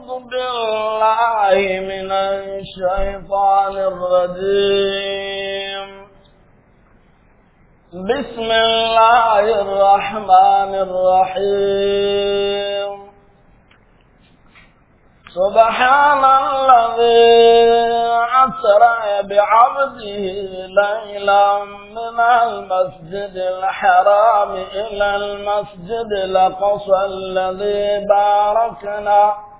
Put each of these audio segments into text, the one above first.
أعوذ بالله من الشيطان الرجيم بسم الله الرحمن الرحيم سبحان الذي أسرع بعبده ليلا من المسجد الحرام إلى المسجد الأقصى الذي باركنا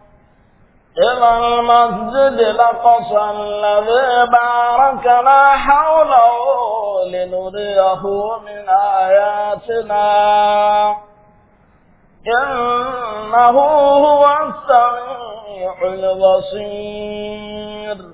إلى المسجد لقص الذي باركنا حوله لنريه من آياتنا إنه هو السميع البصير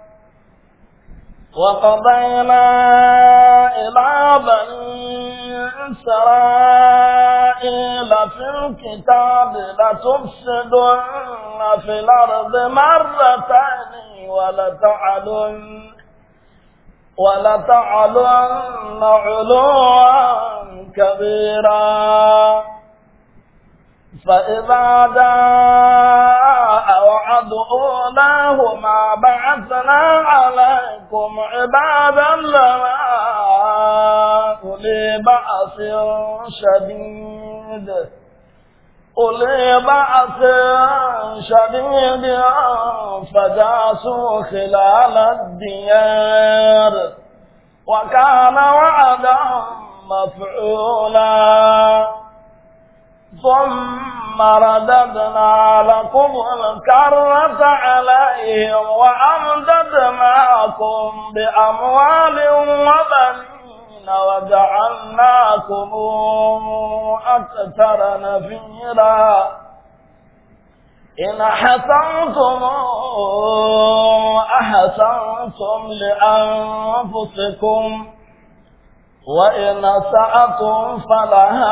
وقضينا إلى بني إسرائيل في الكتاب لتفسدن في الأرض مرتين ولتعلن ولتعلن علوا كبيرا فإذا جاء وعد ما بعثنا عليكم عبادا لنا أولي بأس شديد أولي بأس شديد فجاسوا خلال الديار وكان وعدا مفعولا ثم رددنا لكم الكرة عليهم وأمددناكم بأموال وبنين وجعلناكم أكثر نفيرا إن أحسنتم أحسنتم لأنفسكم وإن سأتم فلها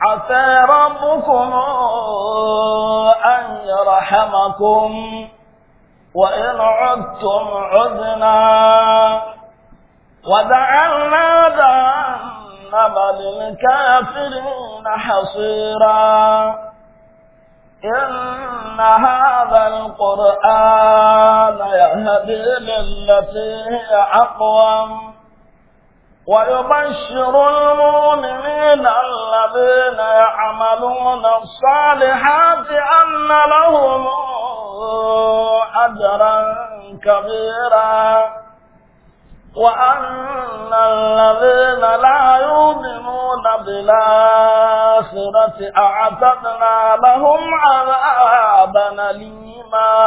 عسى ربكم أن يرحمكم وإن عدتم عدنا وجعلنا جهنم للكافرين حصيرا إن هذا القرآن يهدي للتي هي أقوم ويبشر المؤمنين الذين يعملون الصالحات أن لهم أجرا كبيرا وأن الذين لا يؤمنون بالآخرة أعتدنا لهم عذابا أليما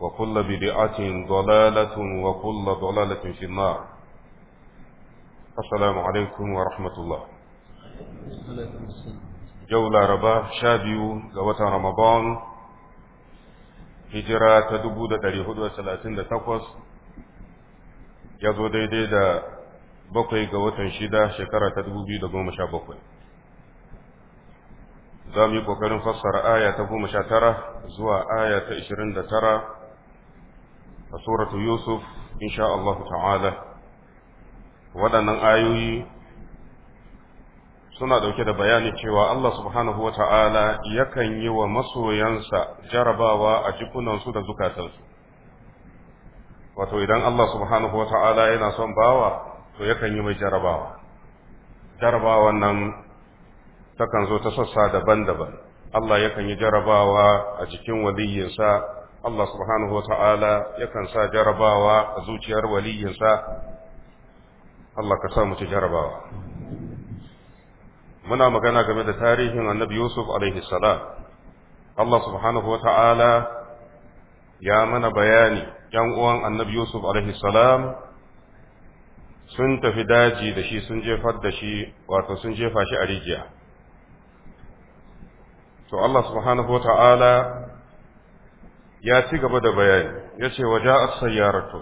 وكل بدعة ضلالة وكل ضلالة في النار السلام عليكم ورحمة الله جولة ربا شابيو قوة رمضان هجرة تدبو دا داري هدوة سلاتين دا تقوص يزو دي دي دا بقي قوة شدا شكرة تدبو بي دا قوم شابقوي za mu yi ƙoƙarin fassara aya ta goma sha tara zuwa aya ta ishirin da tara a suratu yusuf insha Allah ta'ala waɗannan ayoyi suna ɗauke da bayani cewa Allah subhanahu wa ta'ala yakan yi wa masoyansa jarabawa a jikunansu da zukatansu wato idan Allah subhanahu wa ta'ala yana son bawa to yakan yi mai jarabawa jarabawan nan takan zo ta sassa daban-daban Allah yakan yi jarabawa a cikin waliyinsa Allah subhanahu wa ta'ala yakan sa jarabawa a zuciyar waliyinsa, Allah ka sa mu ci jarabawa. Muna magana game da tarihin annabi Yusuf salam Allah subhanahu wa ta'ala ya mana bayani, ‘yan uwan annabi Yusuf salam sun tafi daji da shi sun jefar da shi, wato sun jefa shi a rijiya. To Allah subhanahu wa ta'ala يا ci gaba da يا ya ce waje a sayyaratu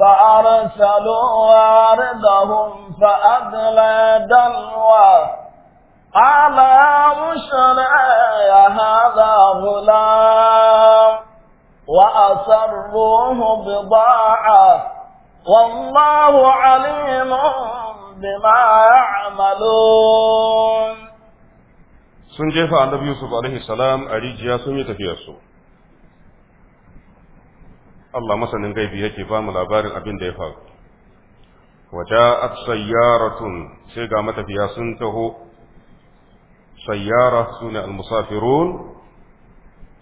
فأرسلوا واردهم فأدلى دلوى قال يا مشرع هذا غلام وأسروه بضاعة والله عليم بما يعملون sun jefa annabi Yusuf alaihi salam a rijiya sun yi tafiyar su Allah masanin gaibi yake ba mu labarin abin da ya faru waja'at sayyaratun sai ga matafiya sun taho sayyara sune al-musafirun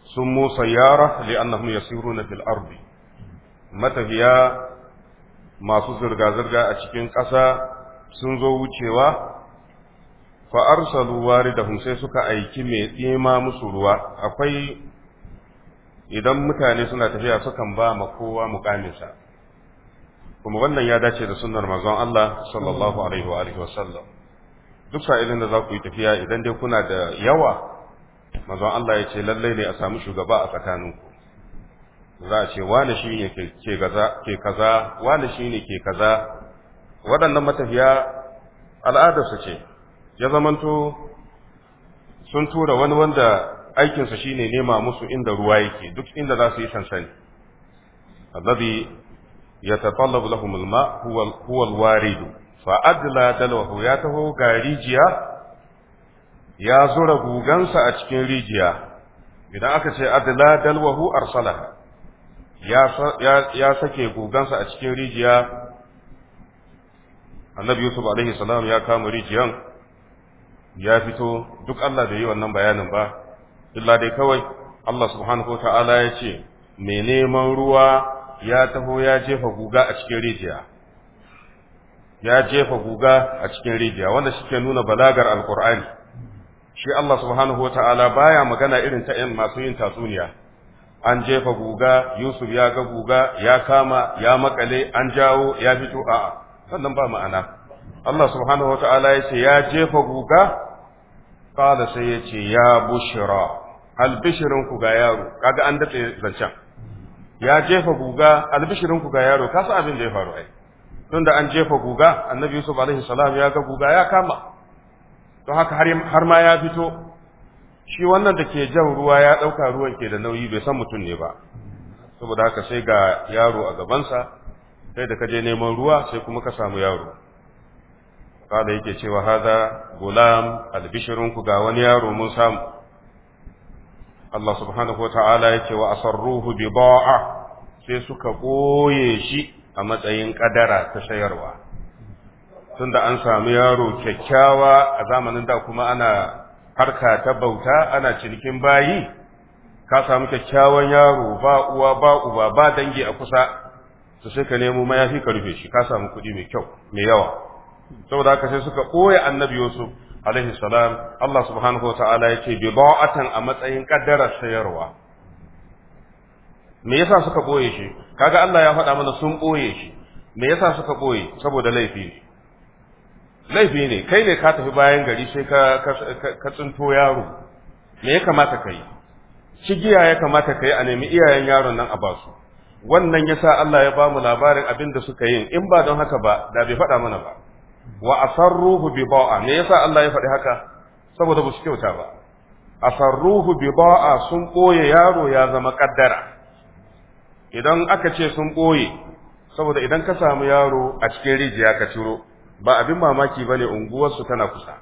سموا سيارة لأنهم يسيرون Matafiya masu zirga-zirga a cikin ƙasa sun zo wucewa. fa arsalu waridahum sai suka aiki mai tsima musu ruwa akwai idan mutane suna tafiya sukan ba ma kowa mukaminsa kuma wannan ya dace da sunnar manzon Allah sallallahu alaihi wa alihi wasallam duk sa'ilin da za ku yi tafiya idan dai kuna da yawa manzon Allah ya ce lalle ne a samu shugaba a tsakaninku za a ce wani shi ne ke kaza wani shi ne ke kaza waɗannan matafiya al'adarsu ce ya zamanto sun tura wani wanda aikinsa shine nema musu inda ruwa yake duk inda za su yi sansani alladhi yatatallabu lahum alma huwa huwa alwarid fa adla dalwahu ya taho ga rijiya ya zura gugansa a cikin rijiya idan aka ce adla dalwahu arsala ya ya sake gugansa a cikin rijiya annabi yusuf alaihi salam ya kama rijiyan ya fito duk Allah bai yi wannan bayanin ba illa dai kawai Allah subhanahu ta'ala ya ce mai neman ruwa ya taho ya jefa guga a cikin rijiya ya jefa guga a cikin rijiya wanda shike nuna balagar alqur'ani shi Allah subhanahu ta'ala baya magana irin ta ƴan masu yin tatsuniya an jefa guga Yusuf ya ga guga ya kama ya makale an jawo ya fito a'a sannan ba ma'ana Allah subhanahu wa ta'ala ya ce ya jefa guga kala sai ya ce ya bushira albishirin ku ga yaro kaga an datse zancen ya jefa guga albishirin ku ga yaro ka san abin da ya faru ai tunda an jefa guga annabi yusuf alaihi salam ya ga guga ya kama To haka har ma ya fito shi wannan da ke jan ruwa ya ɗauka ruwan ke da nauyi bai san mutum ne ba saboda haka sai ga yaro a gabansa sai da ka je neman ruwa sai kuma ka samu yaro kada yake cewa haza gulam albishirinku ga wani yaro mun samu Allah subhanahu wata'ala yake wa asarruhu ba'a sai suka koye shi a matsayin kadara ta sayarwa tunda an samu yaro kyakkyawa a zamanin da kuma ana harka ta bauta ana cinikin bayi ka samu kyakkyawan yaro ba uwa ba uba ba dangi a kusa su sai ka nemo mayafi ka rufe shi ka samu kuɗi mai kyau mai yawa saboda haka sai suka ɓoye annabi yusuf alaihi salam Allah subhanahu wa ta'ala ya ce bida'atan a matsayin kaddarar sayarwa me yasa suka ɓoye shi kaga Allah ya faɗa mana sun ɓoye shi me yasa suka ɓoye saboda laifi laifi ne kai ne ka tafi bayan gari sai ka ka tsinto yaro me ya kamata kai cigiya ya kamata kai a nemi iyayen yaron nan a basu wannan yasa Allah ya bamu labarin abin da suka yi in ba don haka ba da bai faɗa mana ba wa asarruhu bi ba'a me yasa Allah ya faɗi haka saboda ba su kyauta ba asarruhu bi ba'a sun koye yaro ya zama kaddara idan aka ce sun koye saboda idan ka samu yaro a cikin rijiya ka ciro ba abin mamaki bane unguwarsu tana kusa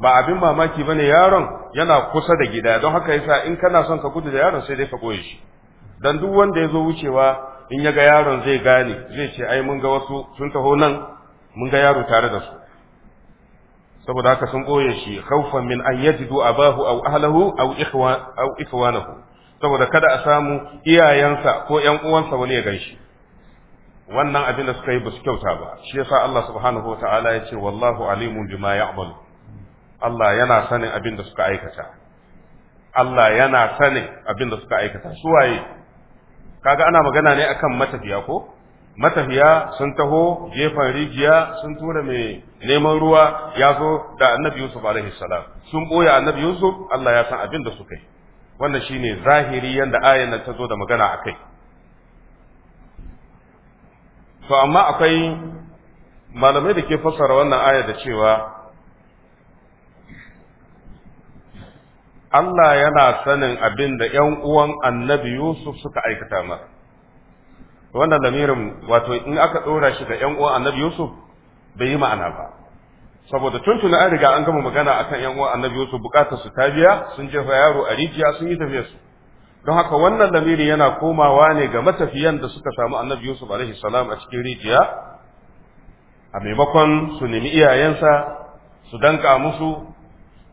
ba abin mamaki bane yaron yana kusa da gida don haka yasa in kana son ka gudu da yaron sai dai ka koye shi dan duk wanda ya zo wucewa in ya ga yaron zai gane zai ce ai mun ga wasu sun taho nan mun ga yaro tare da su saboda haka sun boye shi khawfan min an yajidu abahu aw ahlahu aw ikhwa aw ikhwanahu saboda kada a samu iyayensa ko ƴan uwansa wani ya ganshi wannan abin da suka yi ba su kyauta ba shi yasa Allah subhanahu wataala ya ce wallahu alimun bima ya'malu Allah yana sanin abin da suka aikata Allah yana sanin abin da suka aikata su waye kaga ana magana ne akan matafiya ko matafiya sun taho gefen rijiya sun tura mai neman ruwa ya zo da annabi yusuf alaihi salam sun boye annabi yusuf Allah ya san abin da suka yi wannan shine zahiri yanda ayan nan ta zo da magana akai to amma akwai malamai da ke fassara wannan aya da cewa Allah yana sanin abin da ‘yan uwan annabi Yusuf suka aikata masa. wannan lamirin wato in aka ɗora shi ga ‘yan uwan annabi Yusuf bai yi ma'ana ba saboda tuntuna an riga an gama magana akan ‘yan uwan annabi Yusuf bukatar su ta biya sun jefa yaro a rijiya sun yi tafiya su don haka wannan lamiri yana komawa ne ga matafiyan da suka samu annabi Yusuf alaihi salam a cikin rijiya a maimakon su nemi iyayensa su danka musu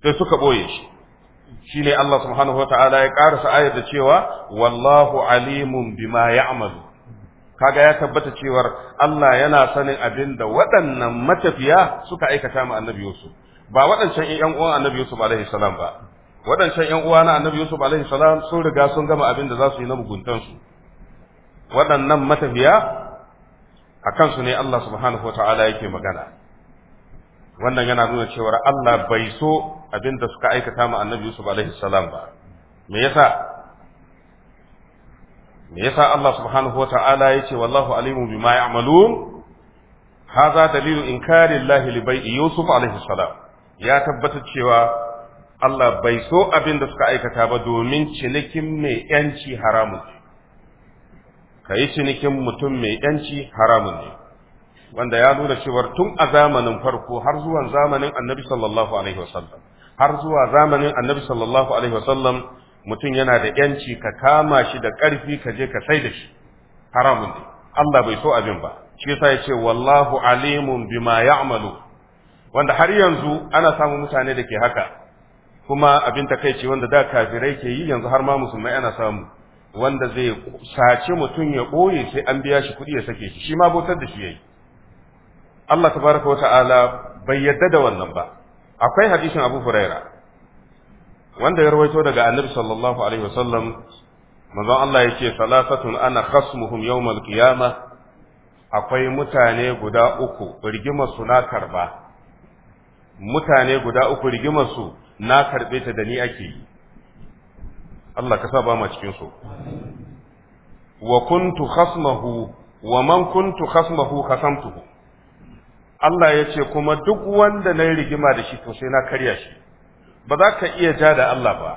sai suka boye shi shine Allah subhanahu Ta'ala ya karasa ayar da cewa wallahu alimun bima amalu kaga ya tabbata cewar Allah yana sanin abin da waɗannan matafiya suka aikata ma annabi Yusuf ba waɗancan ƴan uwan annabi Yusuf alaihi salam ba waɗancan ƴan uwa na annabi Yusuf alaihi salam sun riga sun gama abin da za su yi na muguntan su waɗannan matafiya a kansu ne Allah subhanahu wataala yake magana wannan yana nuna cewar Allah bai so abin da suka aikata ma annabi Yusuf alaihi salam ba me yasa me yasa Allah subhanahu wata'ala yace wallahu alimu bima ya'malun hadha dalilu inkari Allah li bai'i Yusuf alaihi salam ya tabbata cewa Allah bai so abin da suka aikata ba domin cinikin mai yanci haramun ne kai cinikin mutum mai yanci haramun ne wanda ya nuna cewa tun a zamanin farko har zuwa zamanin Annabi sallallahu alaihi wasallam har zuwa zamanin Annabi sallallahu alaihi wasallam mutum yana da yanci ka kama shi da ƙarfi ka je ka sai da shi haramun ne Allah bai so abin ba shi yasa ya ce wallahu alimun bima ya'malu wanda har yanzu ana samu mutane da ke haka kuma abin ta takaici wanda da kafirai ke yi yanzu har ma musulmai ana samu wanda zai sace mutum ya ɓoye sai an biya shi kuɗi ya sake shi shi ma bautar da shi yayi Allah tabaraka wata'ala bai yadda da wannan ba akwai hadisin Abu Huraira wanda ya rawaito daga annabi sallallahu alaihi wasallam manzon Allah yake salasatun ana khasmuhum yawmal qiyamah akwai mutane guda uku rigimar su na karba mutane guda uku rigimar su na karbe ta da ni ake yi Allah ka sa ba ma cikin su wa kuntu khasmuhu wa man kuntu khasmuhu khasamtuhu Allah ya ce kuma duk wanda na yi rigima da shi to sai na karya shi ba za ka iya ja da Allah ba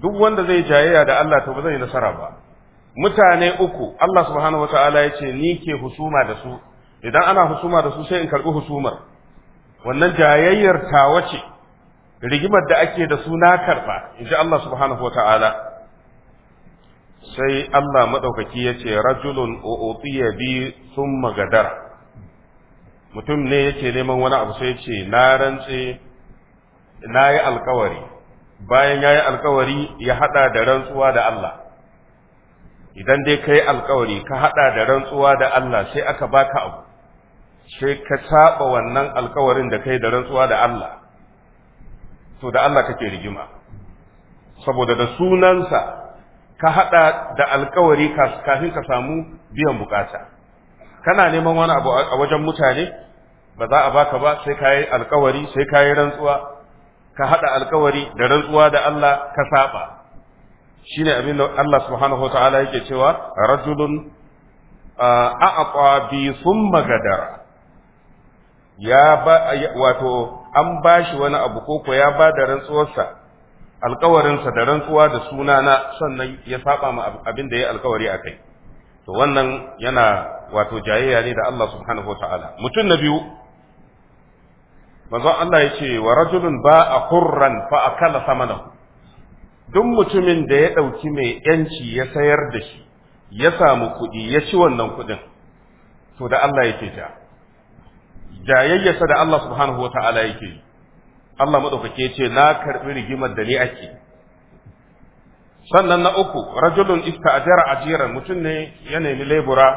duk wanda zai jayayya da Allah to ba zai nasara ba mutane uku Allah subhanahu ta'ala ya ce ni ke husuma da su idan ana husuma da su sai in karɓi husumar wannan jayayyar tawa ce rigimar da ake da su na karɓa in ji Allah subhanahu ta'ala. sai Allah maɗaukaki ya ce rajulun ya bi sun magadara mutum ne yake neman wani abu sai ce na rantse na yi alkawari bayan ya yi alkawari ya haɗa da rantsuwa da Allah idan dai ka yi alkawari ka haɗa da rantsuwa da Allah sai aka baka abu sai ka saba wannan alkawarin da kai da rantsuwa da Allah to da Allah kake rigima saboda da sunansa ka haɗa da alkawari kafin ka samu biyan bukata kana neman wani abu a wajen mutane ba za a baka ba sai ka yi alkawari sai ka yi rantsuwa ka haɗa alkawari da rantsuwa da Allah ka saba ne abin da Allah subhanahu wa ta'ala yake cewa rajulun a'aqa bi summa gadara ya ba wato an bashi wani abu koko ya ba da rantsuwarsa alkawarinsa da rantsuwa da suna na sannan ya saba ma abin da ya alkawari a kai to wannan yana wato jayayya ne da Allah subhanahu wa ta'ala mutum na biyu manzon Allah yace wa rajulun ba hurran fa akala samana duk mutumin da ya ɗauki mai yanci ya sayar da shi ya samu kuɗi ya ci wannan kuɗin to da Allah yake ta da yayyasa da Allah subhanahu wataala yake yi Allah madaukake yace na karbi rigimar da ni ake sannan na uku rajulun iska ajara ajiyar mutum ne ya nemi lebura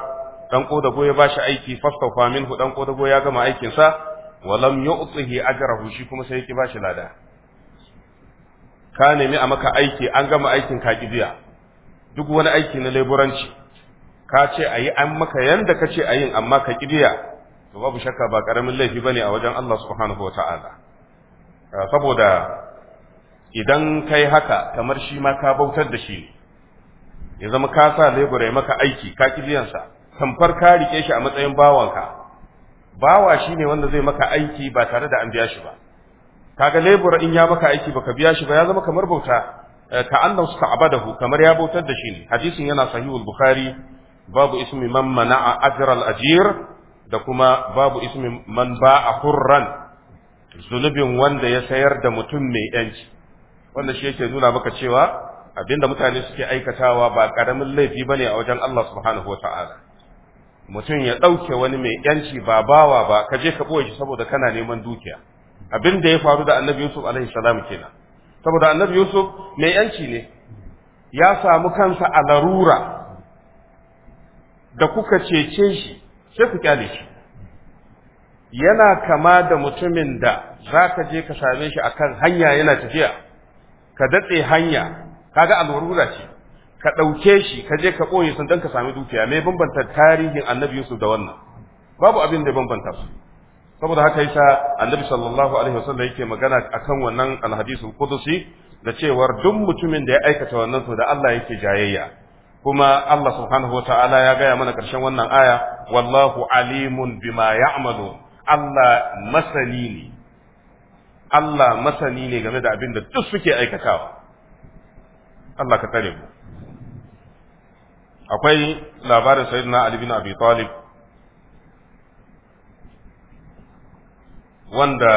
dan kodago ya bashi aiki fastafa hu dan kodago ya gama aikinsa walam يعطه اجره shi kuma sai ki bashi lada ka nemi a maka aiki an gama aikin ka biya duk wani aiki na leburanci ka ce ayi an maka yanda kace ayin amma ka biya to babu shakka ba karamin laifi bane a wajen Allah subhanahu wata'ala ah, saboda idan kai haka kamar shi ma ka bautar da shi ya zama ka sa lebura maka aiki ka kibiyansa kamfar ka rike shi a matsayin bawanka bawa shi ne wanda zai maka aiki ba tare da an biya shi ba kaga lebura in ya maka aiki baka biya shi ba ya zama kamar bauta eh, ka annan suka abadahu kamar ya bautar da shi ne hadisin yana sahihul bukhari babu ismi man mana'a ajral ajir da kuma babu ismi man ba'a hurran zulubin wanda ya sayar da mutum mai yanci wanda shi yake nuna maka cewa abinda mutane suke aikatawa ba karamin laifi bane a wajen Allah subhanahu wa mutum ya ɗauke wani mai yanci ba bawa ba ka je ka ɓoye shi saboda kana neman dukiya abin da ya faru da annabi yusuf alaihi salam kenan saboda annabi yusuf mai yanci ne ya samu kansa a larura da kuka cece shi sai ku kyale shi yana kama da mutumin da za ka je ka same shi akan hanya yana tafiya ka datse hanya kaga alwarura ce ka ɗauke shi ka je ka ɓoye sun don ka sami dukiya me bambanta tarihin annabi Yusuf da wannan babu abin da bambanta su saboda haka yasa annabi sallallahu alaihi wasallam yake magana akan wannan alhadisul qudusi da cewar duk mutumin da ya aikata wannan to da Allah yake jayayya kuma Allah subhanahu wataala ya gaya mana karshen wannan aya wallahu alimun bima ya'malu Allah masani ne Allah masani ne game da abin da duk suke aikatawa Allah ka tare mu akwai labarin sayyidina Ali bin Abi Talib wanda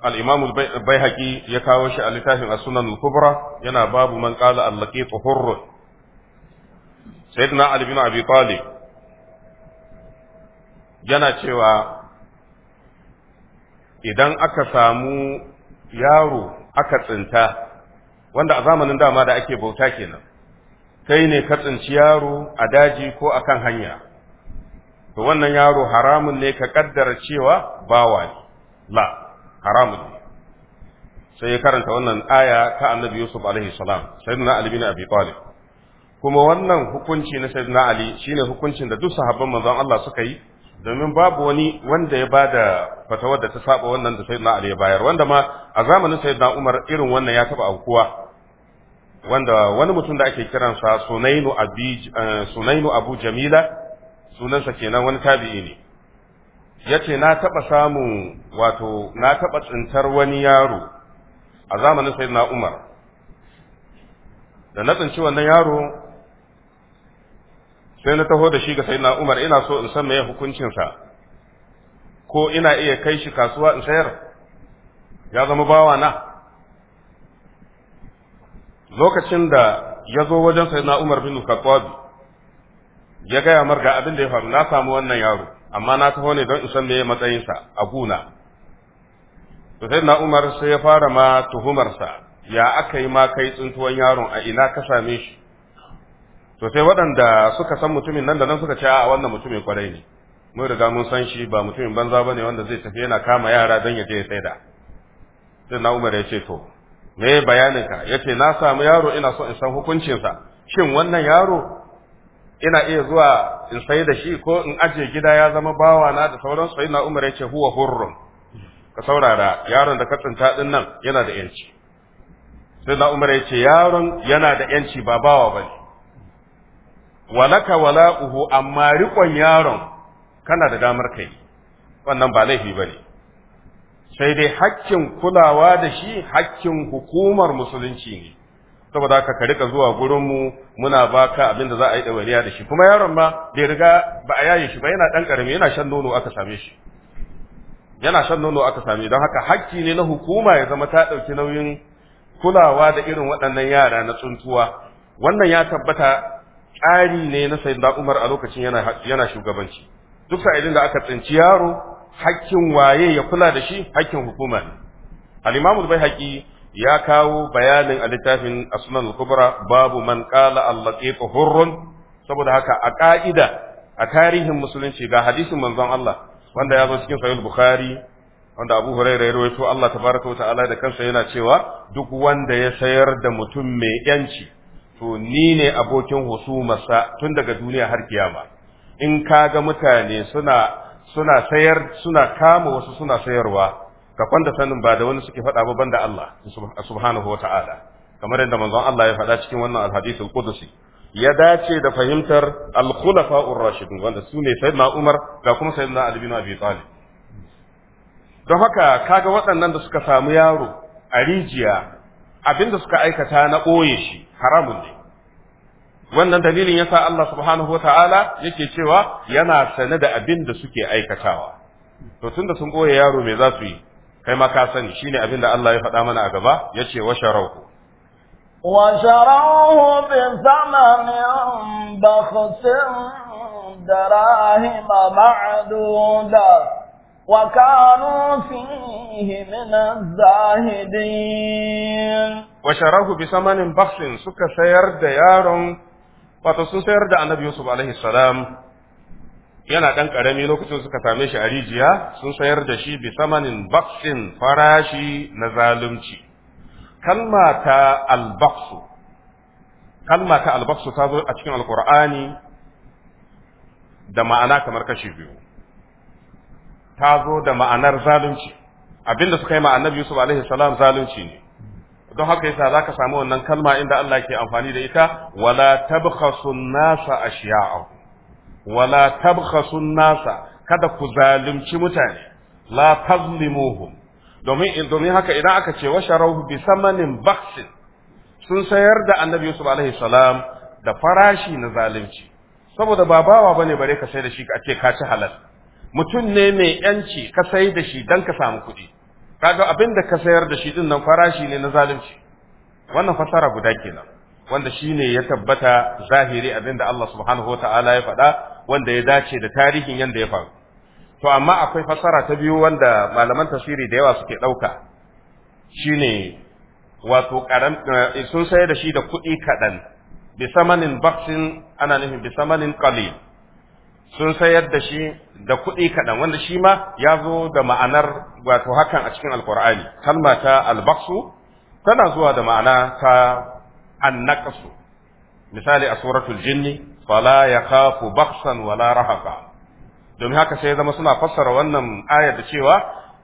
al-Imam al ya kawo shi a littafin As-Sunan al-Kubra yana babu man qala al-laqit sayyidina Ali bin Abi Talib yana cewa idan aka samu yaro aka tsinta wanda a zamanin dama da ake bauta kenan kai ne ka tsinci yaro a daji ko akan hanya to wannan yaro haramun ne ka kaddara cewa bawa ne la haramun ne sai ya karanta wannan aya ta annabi yusuf alaihi salam sayyidina ali bin abi talib kuma wannan hukunci na sayyidina ali shine hukuncin da duk sahabban manzon Allah suka yi domin babu wani wanda ya bada fatawar da ta saba wannan da sayyidina ali ya bayar wanda ma a zamanin sayyidina umar irin wannan ya taba aukuwa wanda wani mutum da ake kiransa sunainu abi eh, abu jamila sunansa kenan wani tabi'i ne yace na taba samu wato na taba tsintar wani yaro a zamanin sayyidina umar da na tsinci wannan yaro sai na taho da shi ga sayyidina umar ina so in san meye hukuncinsa ko ina iya kai shi kasuwa in sayar ya zama bawa na lokacin da ya zo wajen sai na Umar bin Khattab ya gaya ya abin da ya faru na samu wannan yaro amma na taho ne don in san meye matsayinsa a guna to sai na Umar sai ya fara ma tuhumarsa ya aka yi ma kai tsintuwan yaron a ina ka same shi to sai waɗanda suka san mutumin nan da nan suka ce a wannan mutumin kwarai ne mun riga mun san shi ba mutumin banza bane wanda zai tafi yana kama yara don ya je ya saida sai na Umar ya ce to me bayaninka ya ce na samu yaro ina so in san hukuncinsa shin wannan yaro ina iya zuwa in sai da shi ko in aje gida ya zama bawa na da sauran sai na umar ya ce huwa hurrun ka saurara yaron da ka tsinta din nan yana da yanci sai na umar ya ce yaron yana da yanci ba bawa ba ne walaka wala'uhu amma riƙon yaron kana da damar kai wannan ba laifi ba ne sai dai hakkin kulawa da shi hakkin hukumar musulunci ne saboda haka ka rika zuwa gurin mu muna baka abin da za a yi dawariya da shi kuma yaron ma bai riga ba a yaye shi ba yana dan karami yana shan nono aka same shi yana shan nono aka same don haka hakki ne na hukuma ya zama ta dauki nauyin kulawa da irin waɗannan yara na tsuntuwa wannan ya tabbata tsari ne na sayyidina Umar a lokacin yana yana shugabanci duk sa'ilin da aka tsinci yaro hakkin waye ya kula da shi hakkin hukuma ne al imamu ya kawo bayanin a littafin as al-kubra babu man qala al-laqit hurrun saboda haka a ka'ida a tarihin musulunci ga hadisin manzon Allah wanda ya zo cikin sahih bukhari wanda Abu Hurairah ya rawaito Allah tabaraka wa ta'ala da kansa yana cewa duk wanda ya sayar da mutum mai yanci to ni ne abokin husumarsa tun daga duniya har kiyama in kaga mutane suna suna sayar suna kama wasu suna sayarwa ka kwanda sanin ba da wani suke faɗa ba banda Allah subhanahu wata'ala kamar yadda manzon Allah ya faɗa cikin wannan alhadisul qudusi ya dace da fahimtar al ar rashidun wanda su ne sayyidina Umar da kuma sayyidina Ali bin Abi Talib don haka kaga waɗannan da suka samu yaro a rijiya abinda suka aikata na ɓoye shi haramun ne wannan dalilin yasa Allah subhanahu wataala yake cewa yana sane da abin da suke aikatawa to tunda sun goye yaro mai za su yi kai ma ka sani shine abin da Allah ya faɗa mana a gaba yace wa sharauhu wa sharauhu bi thamanin bakhsin darahim ma'duda وكانوا فيه من الزاهدين وشروه بثمن suka sayar da yaron. wato sun sayar da annabi yusuf alaihi salam yana ɗan ƙarami lokacin suka same shi a rijiya sun sayar da shi samanin baksin farashi na zalunci kalma ta albaksu kalma ta albaksu ta zo a cikin alkur'ani da ma'ana kamar kashi biyu ta zo da ma'anar zalunci abinda suka yi ma annabi yusuf alaihi salam zalunci ne don haka yasa ka samu wannan kalma inda Allah ke amfani da ita wala tabkhasun nasa ashiya'ahu wala tabkhasun nasa kada ku zalunci mutane la tazlimuhum domin domin haka idan aka ce washarahu bi samanin sun sayar da annabi yusuf alaihi salam da farashi na zalunci saboda ba bawa bane bare ka sai da shi ka ce ka ci halal mutum ne mai yanci ka sai da shi dan ka samu kuɗi kaga abin da ka sayar da shi din nan farashi ne na zalunci wannan fasara guda kenan wanda shine ya tabbata zahiri abin da Allah subhanahu wataala ya faɗa wanda ya dace da tarihin yanda ya faru to amma akwai fasara ta biyu wanda malaman tafsiri da yawa suke ɗauka shine wato karam eh, sun sayar da shi da kuɗi kaɗan samanin baksin ana nufin bisamanin qalil sun sayar da shi da kuɗi kaɗan wanda shi ma ya zo da ma'anar wato hakan a cikin alkur'ani kalma ta albaksu tana zuwa da ma'ana ta annaƙasu misali a suratul jinni fala ya kafu baksan wala rahaka domin haka sai zama suna fassara wannan ayar da cewa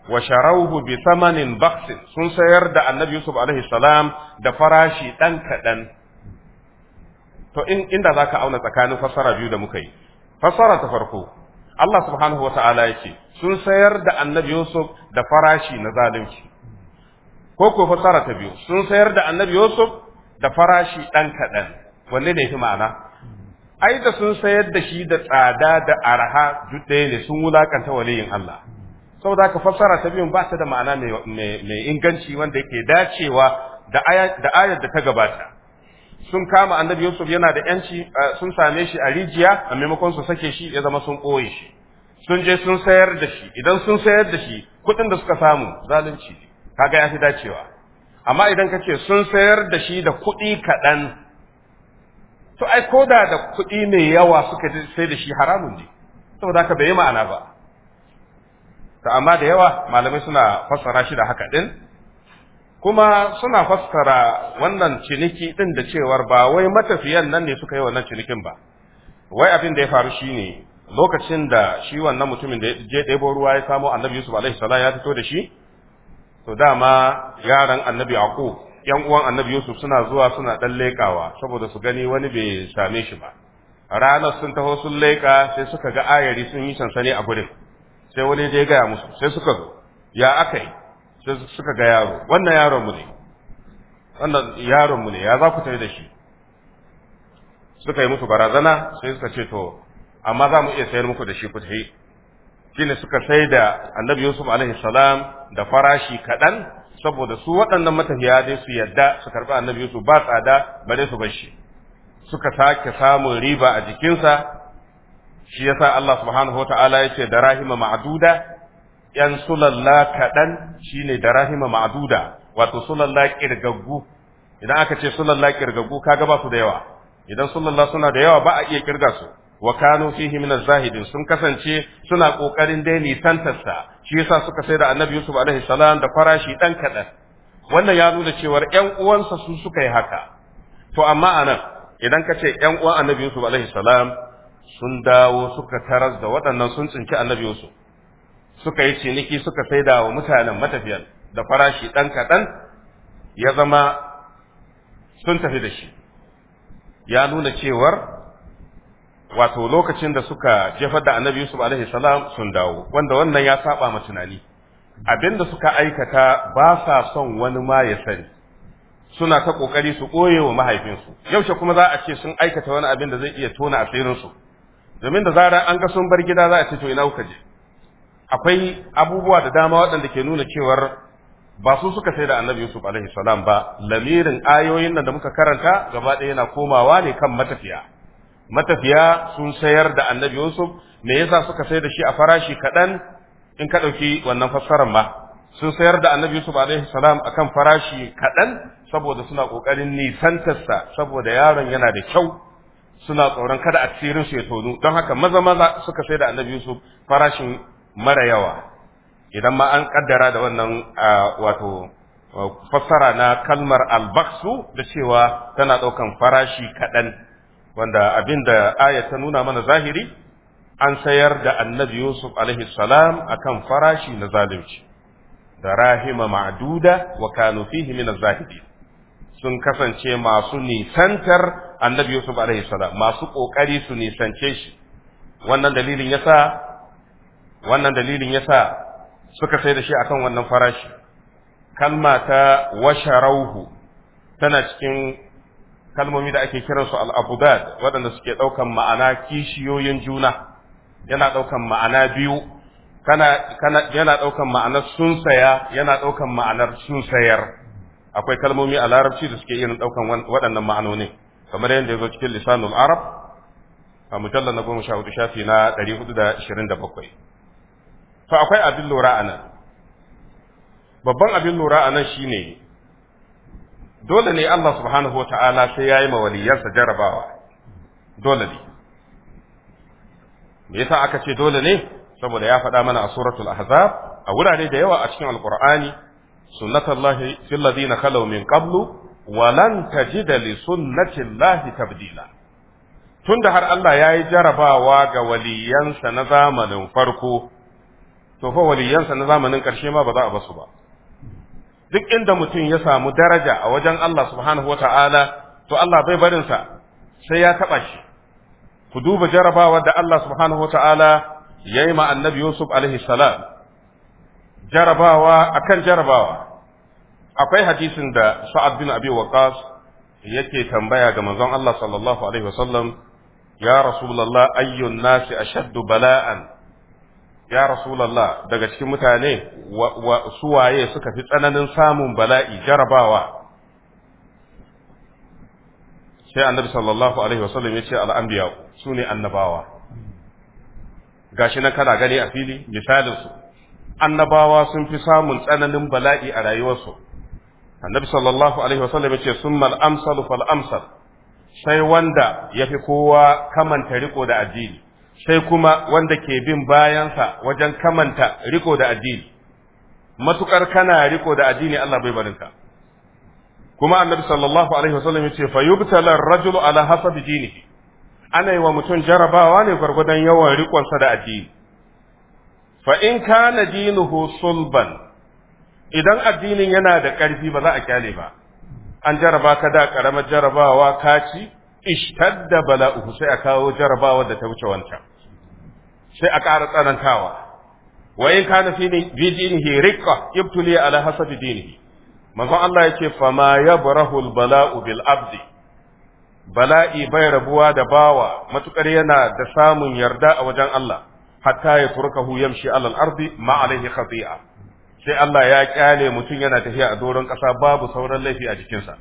wa sharauhu bi thamanin baksin sun sayar da annabi yusuf alaihi salam da farashi ɗan kaɗan to inda za ka auna tsakanin fassara biyu da muka yi fassara ta farko Allah subhanahu wa ta'ala yake sun sayar da annabi Yusuf da farashi na zalunci ko ko fassara ta biyu sun sayar da annabi Yusuf da farashi ɗan kaɗan wanne ne fi ma'ana ai da sun sayar da shi da tsada da araha duk ne sun wulakanta waliyin Allah saboda haka fassara ta biyun ba ta da ma'ana mai inganci wanda yake dacewa da ayar da ta gabata sun kama annabi Yusuf yana da yanci sun same shi a rijiya a maimakon su sake shi ya zama sun ɓoye shi sun je sun sayar da shi idan sun sayar da shi kuɗin da suka samu zalunci kaga ya fi dacewa amma idan ka ce sun sayar da shi da kuɗi kaɗan to ai ko da da kuɗi mai yawa suka sai da shi haramun ne saboda haka bai yi ma'ana ba to amma da yawa malamai suna fassara shi da haka ɗin kuma suna fassara wannan ciniki din da cewar ba wai matafiyan nan ne suka yi wannan cinikin ba wai abin da ya faru shine lokacin da shi wannan mutumin da je ɗebo ruwa ya samo annabi yusuf alaihi salam ya fito da shi to dama yaran annabi aku yan uwan annabi yusuf suna zuwa suna ɗan lekawa saboda su gani wani bai same shi ba ranar sun taho sun leka sai suka ga ayari sun yi sansani a gurin sai wani da ya gaya musu sai suka zo ya aka yi sai suka ga yaro wannan yaron mu ne wannan yaron mu ne ya za ku tafi da shi suka yi musu barazana sai suka ce to amma za mu iya sayar muku da shi ku tafi shine suka sai da annabi yusuf alaihi salam da farashi kaɗan saboda su waɗannan matafiya dai su yadda su karɓi annabi yusuf ba tsada ba bare su bar shi suka sake samun riba a jikinsa shi yasa Allah subhanahu wa ta'ala ya ce da rahima ma'aduda 'yan sulalla kaɗan shine da rahima ma'aduda wato sulalla ƙirgaggu idan aka ce sulalla ƙirgaggu kaga ba su da yawa idan sulalla suna da yawa ba a iya ƙirga su wa kanu fihi min zahidin sun kasance suna ƙoƙarin dai nisantarsa shi yasa suka sai da annabi yusuf alaihi salam da farashi ɗan kaɗan wannan ya nuna cewar 'yan uwansa su suka yi haka to amma anan idan ka ce 'yan uwan annabi yusuf alaihi salam sun dawo suka taras da waɗannan sun tsinci annabi yusuf suka yi ciniki suka saida wa mutanen matafiyan da farashi ɗan kaɗan ya zama sun tafi da shi ya nuna cewar wato lokacin da suka jefar da annabi Yusuf alaihi salam sun dawo wanda wannan ya saba ma tunani Abin da suka aikata ba sa son wani ma ya sani suna ta kokari su koye wa mahaifinsu yaushe kuma za a ce sun aikata wani abin da zai iya tona asirinsu domin da zarar an ga sun bar gida za a ce to ina kuka je akwai abubuwa da dama waɗanda ke nuna cewar ba su suka sai da annabi yusuf alaihi salam ba lamirin ayoyin nan da muka karanta gaba ɗaya yana komawa ne kan matafiya matafiya sun sayar da annabi yusuf me yasa suka sai da shi a farashi kaɗan in ka ɗauki wannan fassarar ma sun sayar da annabi yusuf alaihi salam kan farashi kaɗan saboda suna ƙoƙarin nisantarsa saboda yaron yana da kyau suna tsoron kada a asirin su ya tonu don haka maza maza suka sai da annabi yusuf farashin mara yawa idan ma an kaddara da wannan wato fassara na kalmar albaksu da cewa tana ɗaukan farashi kaɗan wanda abinda da aya ta nuna mana zahiri an sayar da annabi yusuf alaihi salam akan farashi na zalunci da rahima ma'duda wa kanu fihi min zahidi sun kasance masu nisantar annabi yusuf alaihi salam masu kokari su nisance shi wannan dalilin yasa wannan dalilin yasa suka sai da shi akan wannan farashi kalma ta washarauhu tana cikin kalmomi da ake kiransu al'abudad waɗanda suke ɗaukan ma'ana kishiyoyin juna yana ɗaukan ma'ana biyu yana ɗaukan ma'anar sun saya yana ɗaukan ma'anar sun sayar akwai kalmomi a larabci da suke irin ɗaukan waɗannan ma'anoni kamar yadda ya zo cikin lisanul arab a mujallar na goma sha hudu shafi na ɗari hudu da ashirin da bakwai to akwai abin lura a nan babban abin lura a nan ne dole ne Allah subhanahu wata'ala sai ya yi mawaliyarsa jarabawa dole ne me yasa aka ce dole ne saboda ya faɗa mana a suratul ahzab a wurare da yawa a cikin alqur'ani sunnatullahi fil ladina khalaw min qablu wa lan tajida li sunnatillahi tabdila tunda har Allah ya yi jarabawa ga waliyansa na zamanin farko to fa waliyansa na zamanin ƙarshe ma ba za a basu ba duk inda mutum ya samu daraja a wajen Allah subhanahu wata'ala to Allah bai barinsa sai ya taɓa shi ku duba jarabawar da Allah subhanahu wata'ala ya yi ma annabi Yusuf alaihi salam jarabawa kan jarabawa akwai hadisin da Sa'ad bin Abi Waqqas yake tambaya ga manzon Allah sallallahu alaihi wasallam ya rasulullah ayyun nasi ashaddu bala'an ya rasulallah daga cikin mutane suwaye suka fi tsananin samun bala'i jarabawa sai annabi sallallahu alaihi wasallam ya ce al'ambiya su ne annabawa gashi nan kana gani a fili misalinsu annabawa sun fi samun tsananin bala'i a rayuwarsu annabi sallallahu alaihi wasallam ya ce summal amsal fal amsal sai wanda ya fi kowa kamanta riko da addini sai kuma wanda ke bin bayansa wajen kamanta riko da addini matukar kana riko da addini Allah bai barinka kuma annabi sallallahu alaihi wasallam yace fa yubtala ar-rajulu ala hasabi dinihi ana yi wa mutum jarabawa ne gwargwadon yawan rikonsa da addini fa in kana dinuhu sulban idan addinin yana da karfi ba za a kyale ba an jaraba ka da ƙaramar jarabawa ka ci ishtadda bala'uhu sai a kawo jarabawa da ta wuce wancan sai a ƙara tsanantawa wa in kana fi dinihi riqqa ibtuli ala hasab dinihi manzon Allah yake fama yabrahu bala'u bil abdi bala'i bai rabuwa da bawa matukar yana da samun yarda a wajen Allah hatta ya furkahu yamshi al ardi ma alaihi khati'a sai Allah ya kyale mutum yana tafiya a doron kasa babu sauran laifi a jikinsa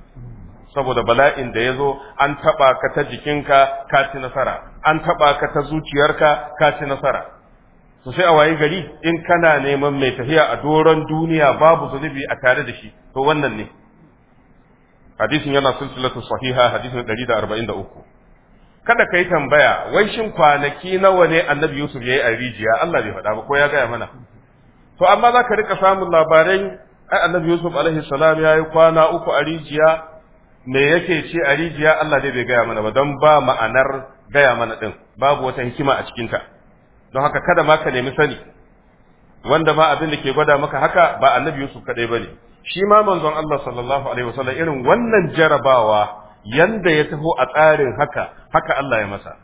saboda bala'in da ya zo an taɓa ka ta jikinka ka ci nasara an taɓa ka ta zuciyarka ka ci nasara to sai a wayi gari in kana neman mai tafiya a doron duniya babu zunubi a tare da shi to wannan ne hadisin yana silsilatu sahiha hadisin 143 kada kai tambaya wai shin kwanaki nawa ne annabi yusuf yayi a rijiya Allah bai faɗa ba ko ya gaya mana to amma za ka rika samun labarai ai annabi yusuf alaihi salam yayi kwana uku a rijiya me yake ce a rijiya Allah dai bai gaya mana ba don ba ma'anar gaya mana ɗin babu wata hikima a cikinta don haka kada ma ka nemi sani wanda ma abin da ke gwada maka haka ba annabi Yusuf kaɗai ba ne shi ma manzon Allah sallallahu alaihi wasallam irin wannan jarabawa yanda ya taho a tsarin haka haka Allah ya masa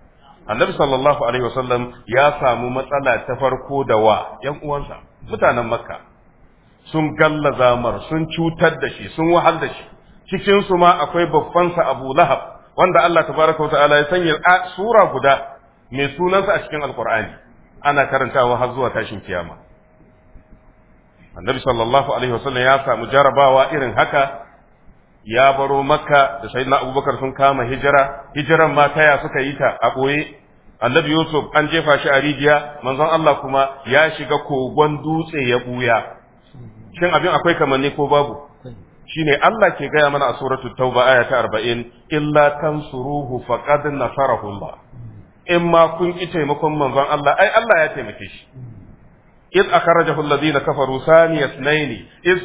annabi sallallahu alaihi wasallam ya samu matsala ta farko da wa 'yan uwansa mutanen makka sun gallaza mar sun cutar da shi sun wahal da shi cikin su ma akwai babban sa Abu Lahab wanda Allah tabaraka ta'ala ya sanya a sura guda mai sunansa a cikin Alkur'ani ana karantawa har zuwa tashin kiyama Annabi sallallahu alaihi wasallam ya samu jarabawa irin haka ya baro Makka da Sayyidina Abubakar sun kama hijira hijiran ma ya suka yi ta a boye annabi Yusuf an jefa shi a rijiya manzon Allah kuma ya shiga kogon dutse ya buya shin abin akwai kamanni ko babu shine Allah ke gaya mana a suratu tauba aya ta 40 illa tansuruhu faqad nasarahu Allah in ma kun ki taimakon manzon Allah ai Allah ya taimaki shi إذ أخرجه الذين كفروا ثاني اثنين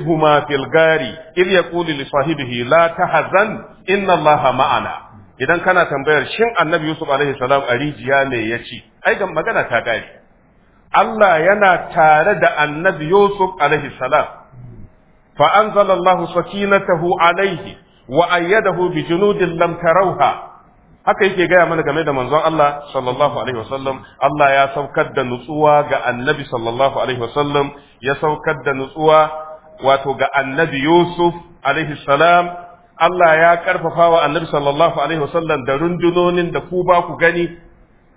huma filgari, في الغار إذ يقول لصاحبه لا تحزن إن الله معنا idan kana tambayar shin annabi Yusuf alaihi salam a rijiya ne ya ci ai magana ta gari Allah yana tare da annabi Yusuf alaihi salam fa anzalallahu sakinatahu alaihi wa ayyadahu bi junudin lam tarauha haka yake gaya mana game da manzon Allah sallallahu alaihi wasallam Allah ya saukar da nutsuwa ga annabi sallallahu alaihi wasallam ya saukar da nutsuwa wato ga annabi Yusuf alaihi salam Allah ya karfafa wa annabi sallallahu alaihi wasallam da rundunonin da ku ba ku gani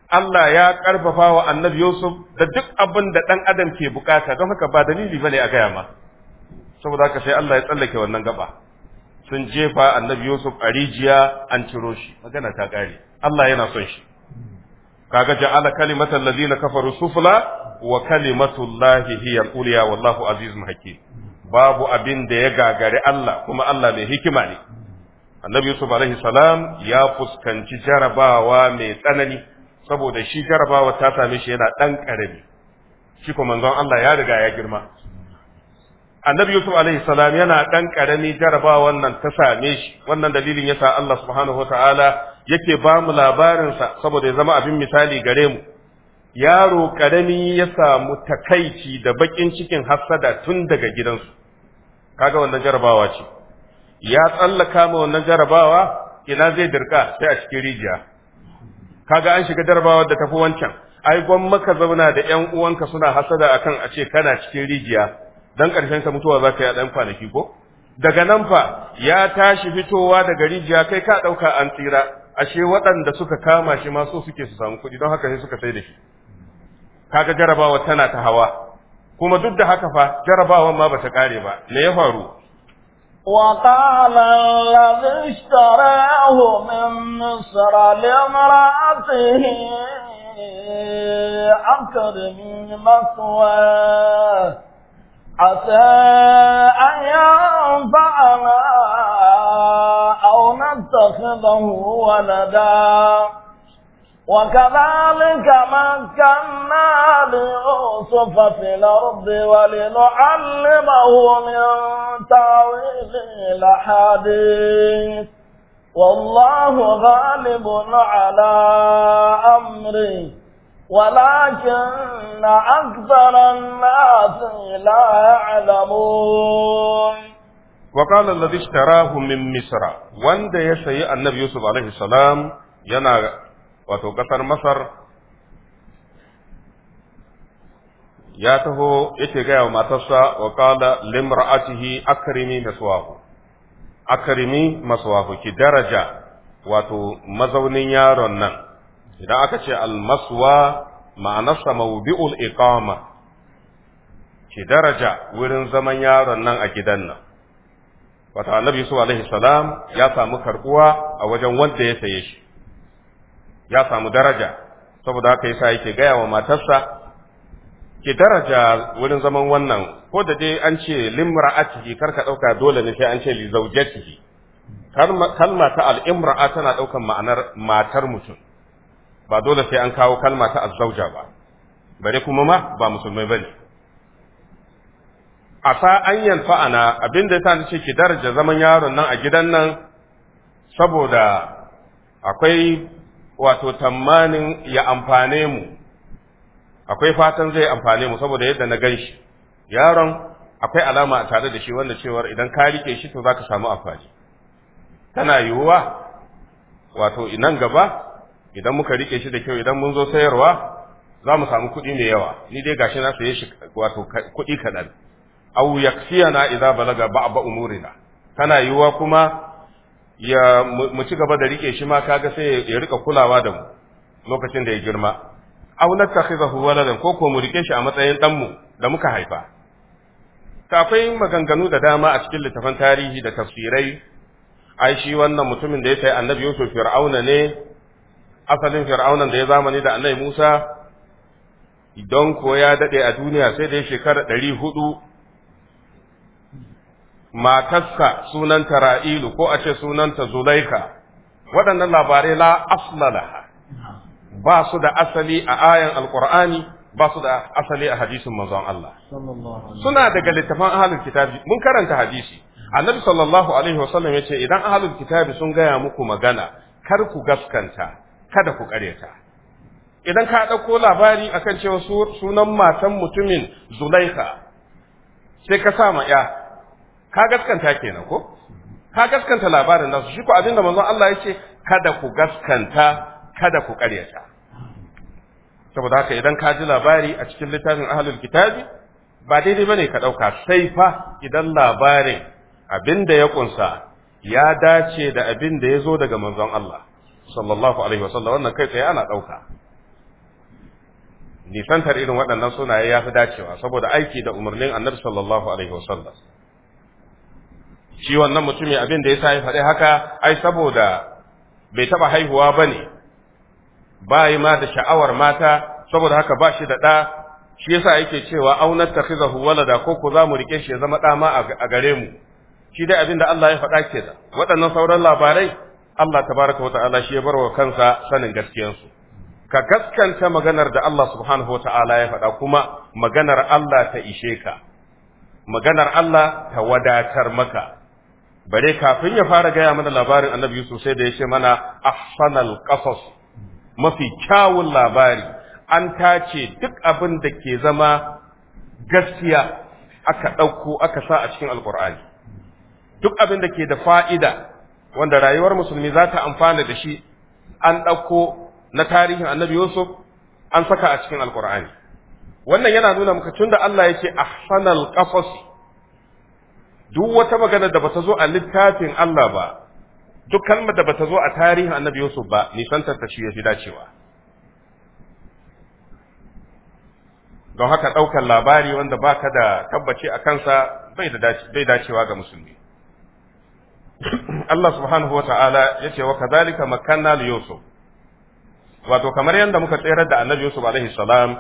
Allah ya karfafa wa annabi Yusuf da duk abin da dan adam ke bukata don haka ba dalili bane a gaya ma saboda haka sai Allah ya tsallake wannan gaba sun jefa annabi Yusuf a rijiya an ciro shi magana ta kare Allah yana son shi kaga ja'ala kalimatal ladina kafaru sufla wa kalimatullahi hiya al wallahu azizun hakim babu abin da ya gagari Allah kuma Allah mai hikima ne annabi Yusuf alaihi salam ya fuskanci jarabawa mai tsanani saboda shi jarabawa ta same shi yana dan karami shi kuma manzon Allah ya riga ya girma annabi yusuf alaihi salam yana dan karami jaraba wannan ta same shi wannan dalilin yasa Allah subhanahu wataala yake ba mu labarin sa saboda ya zama abin misali gare mu yaro karami ya samu takaici da bakin cikin hassada tun daga gidansu kaga wannan jarabawa ce ya tsallaka ma wannan jarabawa ina zai dirka sai a cikin rijiya kaga an shiga jarabawar da tafi wancan ai gwan maka zauna da ƴan uwanka suna hasada akan a ce kana cikin rijiya Don karshen ka mutuwa za ka ya dan kwanaki ko daga nan fa ya tashi fitowa daga rijiya kai ka ɗauka an tsira ashe waɗanda suka kama shi ma so suke su samu kuɗi don haka sai suka sai da shi kaga jarabawa tana ta hawa kuma duk da haka fa jarabawan ma ba ta kare ba me ya faru وقال الذي اشتراه من مصر لامرأته أكرمي مثواه عسى أن ينفعنا أو نتخذه ولدا وكذلك مكنا ليوسف في الأرض ولنعلمه من تأويل الأحاديث والله غالب على أمره ولكن أكثر الناس لا يعلمون وقال الذي اشتراه من مصر وان ده يشيء النبي يوسف عليه السلام ينا wato ƙasar Masar ya taho yake gaya wa matarsa wa qala limra'atihi akrimi maswahu akrimi maswahu ki daraja wato mazaunin yaron nan idan aka ce almaswa ma'anarsa mawdi'ul iqama ki daraja wurin zaman yaron nan a gidan nan wata annabi su alaihi salam ya samu karbuwa a wajen wanda ya saye shi ya samu daraja saboda haka yasa yake gaya wa matarsa ki daraja wurin zaman wannan ko da dai an ce limra'atihi karka dauka dole ne sai an ce li zawjatihi kalma ta al'imra'a tana daukan ma'anar matar mutum ba dole sai an kawo kalma ta azzauja ba bare kuma ma ba musulmai bane asa an yanfa ana abinda yasa nace ki daraja zaman yaron nan a gidan nan saboda akwai wato tammanin ya amfane mu akwai fatan zai amfane mu saboda yadda na gan shi yaron akwai alama a tare da shi wanda cewar idan ka rike shi to zaka samu amfani tana yiwuwa wato nan gaba idan muka rike shi da kyau idan mun zo sayarwa za mu samu kuɗi mai yawa ni dai gashi na saye shi wato kuɗi kaɗan au yaksiyana idza balaga ba'ba umurina tana yiwuwa kuma ya mu ci gaba da rike shi ma kaga sai ya rika kulawa da mu lokacin da ya girma au natakhizahu waladan ko ko mu rike shi a matsayin dan mu da muka haifa ta akwai maganganu da dama a cikin littafan tarihi da tafsirai ai shi wannan mutumin da ya sai annabi Yusuf Fir'auna ne asalin fir'aunan da ya zamani da annabi Musa don ko ya dade a duniya sai da ya shekara ɗari hudu matarsa sunanta ra'ilu ko a ce sunanta zulaika waɗannan labarai la aslalaha ba su da asali a ayan alkur'ani ba su da asali a hadisin manzon Allah suna daga littafan ahlul kitabi mun karanta hadisi annabi sallallahu alaihi wasallam yace idan ahlul kitabi sun gaya muku magana kar ku gaskanta kada ku ƙaryata idan ka ɗauko labari akan cewa sunan matan mutumin zulaika sai ka sa ma ya ka gaskanta kenan ko ka gaskanta labarin nasu shi ko abinda manzon Allah ya ce kada ku gaskanta kada ku karyata. saboda haka idan ka ji labari a cikin littafin ahlul kitabi ba daidai bane ka ɗauka, sai fa idan labarin abinda ya kunsa ya dace da abinda ya zo daga manzon Allah sallallahu alaihi wasallam wannan kai tsaye ana ɗauka nisantar irin waɗannan sunaye ya fi dacewa saboda aiki da umarnin annabi sallallahu alaihi wasallam shi wannan mutumin abin da ya sa ya faɗi haka ai saboda bai taɓa haihuwa ba ne bayi ma da sha'awar mata saboda haka ba shi da ɗa shi yasa yake cewa aunar ta kiza walada ko ku za mu rike shi ya zama ɗa ma a gare mu shi dai abin da Allah ya faɗa ke da waɗannan sauran labarai Allah tabaraka wa ta'ala shi ya barwa kansa sanin gaskiyansu ka gaskanta maganar da Allah subhanahu wa ta'ala ya faɗa kuma maganar Allah ta ishe ka maganar Allah ta wadatar maka bare kafin ya fara gaya mana labarin annabi Yusuf sai da ya ce mana ahsanal qasas mafi kyawun labari an tace duk abin da ke zama gaskiya aka ɗauko aka sa a cikin alƙur'ani duk abin da ke da fa'ida wanda rayuwar musulmi za ta amfana da shi an ɗauko na tarihin annabi Yusuf an saka a cikin alkur'ani wannan yana nuna muka da Allah yake ahsanal qasasi duk wata magana da bata zo a littafin Allah ba duk kalmar da bata zo a tarihin annabi Yusuf ba nisantar ta shi fi dacewa don haka ɗaukar labari wanda baka da tabbaci a kansa bai dacewa ga musulmi Allah subhanahu wa ta'ala ya ce wa kazalika makanna li Yusuf wato kamar yadda muka tsere da annabi Yusuf alaihi salam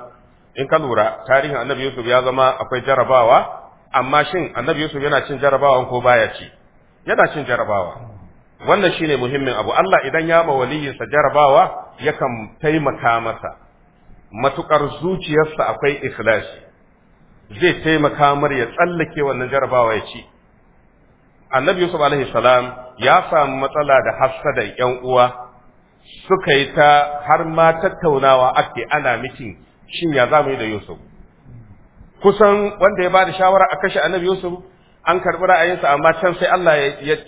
in ka lura tarihin annabi Yusuf ya zama akwai jarabawa amma shin annabi Yusuf yana cin jarabawan ko baya ci yana cin jarabawa wannan shine muhimmin abu Allah idan ya ma waliyinsa jarabawa yakan taimaka masa matukar zuciyarsa akwai ikhlasi zai taimaka mar ya tsallake wannan jarabawa ya ci annabi yusuf alaihi salam ya samu matsala da hassada yan uwa suka yi ta har ma tattaunawa ake ana mitin shin ya zamu yi da yusuf kusan wanda ya bada shawara a kashe annabi yusuf an karɓi ra'ayinsa amma can sai Allah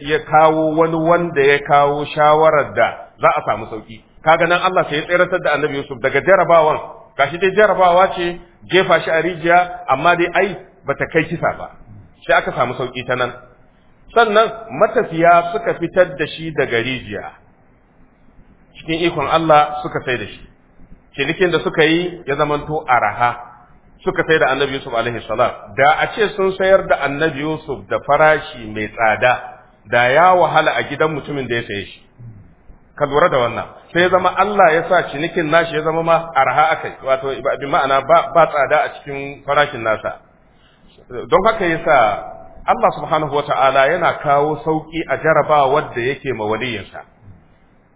ya kawo wani wanda ya kawo shawarar da za a samu sauki kaga nan Allah sai ya tseratar da annabi yusuf daga jarabawan gashi dai jarabawa ce jefa shi a rijiya amma dai ai bata kai kisa ba sai aka samu sauki ta nan sannan matafiya suka fitar da shi daga rijiya cikin ikon Allah suka sai da shi cinikin da suka yi ya zamanto araha suka sai da annabi Yusuf alaihi salam da a ce sun sayar da annabi Yusuf da farashi mai tsada da ya wahala a gidan mutumin da ya saye shi ka lura da wannan sai zama Allah ya sa cinikin nashi ya zama ma araha akai wato bi ma'ana ba, ba tsada a cikin farashin nasa don haka yasa Allah subhanahu wa ta'ala yana kawo sauƙi a jarabawar da yake ma waliyinsa.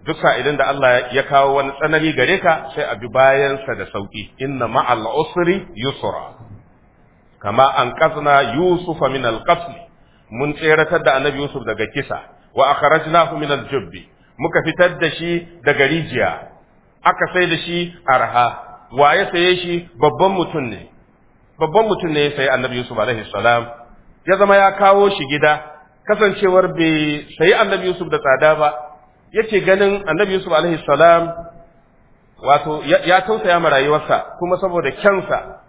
Duk sa'ilin da Allah ya kawo wani tsanani gare ka sai a bi bayansa da sauƙi, inna ma'al usri yusra. Kama an ƙasna Yusufa min alƙasli, mun tseratar da annabi Yusuf daga kisa, wa akharajnahu min Jubbi. muka fitar da shi daga rijiya, aka sai da shi arha, wa ya saye shi babban mutum ne, babban mutum ne ya sayi annabi Yusuf alaihi salam, ya zama ya kawo shi gida kasancewar bai sayi annabi yusuf da tsada ba yake ganin annabi yusuf alaihi salam wato ya tausaya ma rayuwarsa kuma saboda kyansa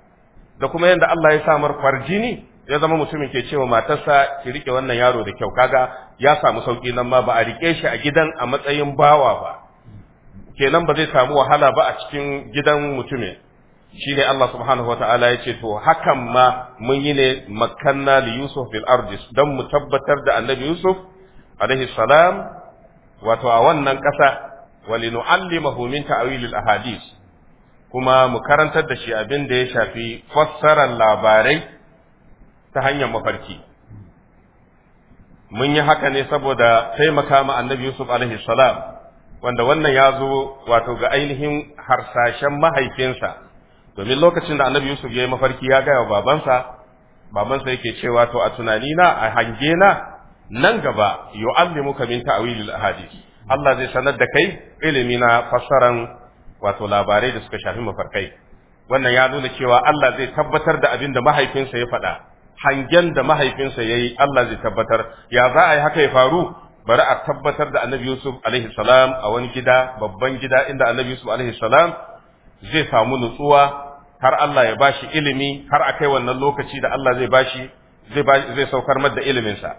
da kuma yadda Allah ya samar farjini ya zama mutumin ke cewa matarsa ki rike wannan yaro da kyau kaga ya samu sauki nan ma ba a rike shi a gidan a matsayin bawa ba kenan ba zai samu wahala ba a cikin gidan mutumin Shi ne Allah subhanahu Ta'ala ya ce to hakan ma mun yi ne makanna li Yusuf bil dan mu tabbatar da Annabi Yusuf alaihi salam wato a wannan ƙasa walinu'allimahu min a hadis kuma mu karantar da shi abin da ya shafi fassarar labarai ta hanyar mafarki mun yi haka ne saboda taimaka ma Annabi Yusuf alaihi salam wanda wannan ya zo wato ga ainihin harsashen mahaifinsa domin lokacin da annabi yusuf ya yi mafarki ya gaya wa babansa babansa yake cewa to a tunani na a hange na nan gaba yu'allimuka min ta'wilil ahadith Allah zai sanar da kai ilimi na fassaran wato labarai da suka shafi mafarkai wannan ya nuna cewa Allah zai tabbatar da abin da mahaifinsa ya faɗa hangen da mahaifinsa ya yi Allah zai tabbatar ya za a yi haka ya faru bari a tabbatar da annabi yusuf alaihi salam a wani gida babban gida inda annabi yusuf alaihi salam zai samu nutsuwa har Allah ya ba shi ilimi har a kai wannan lokaci da Allah zai bashi zai saukar mada iliminsa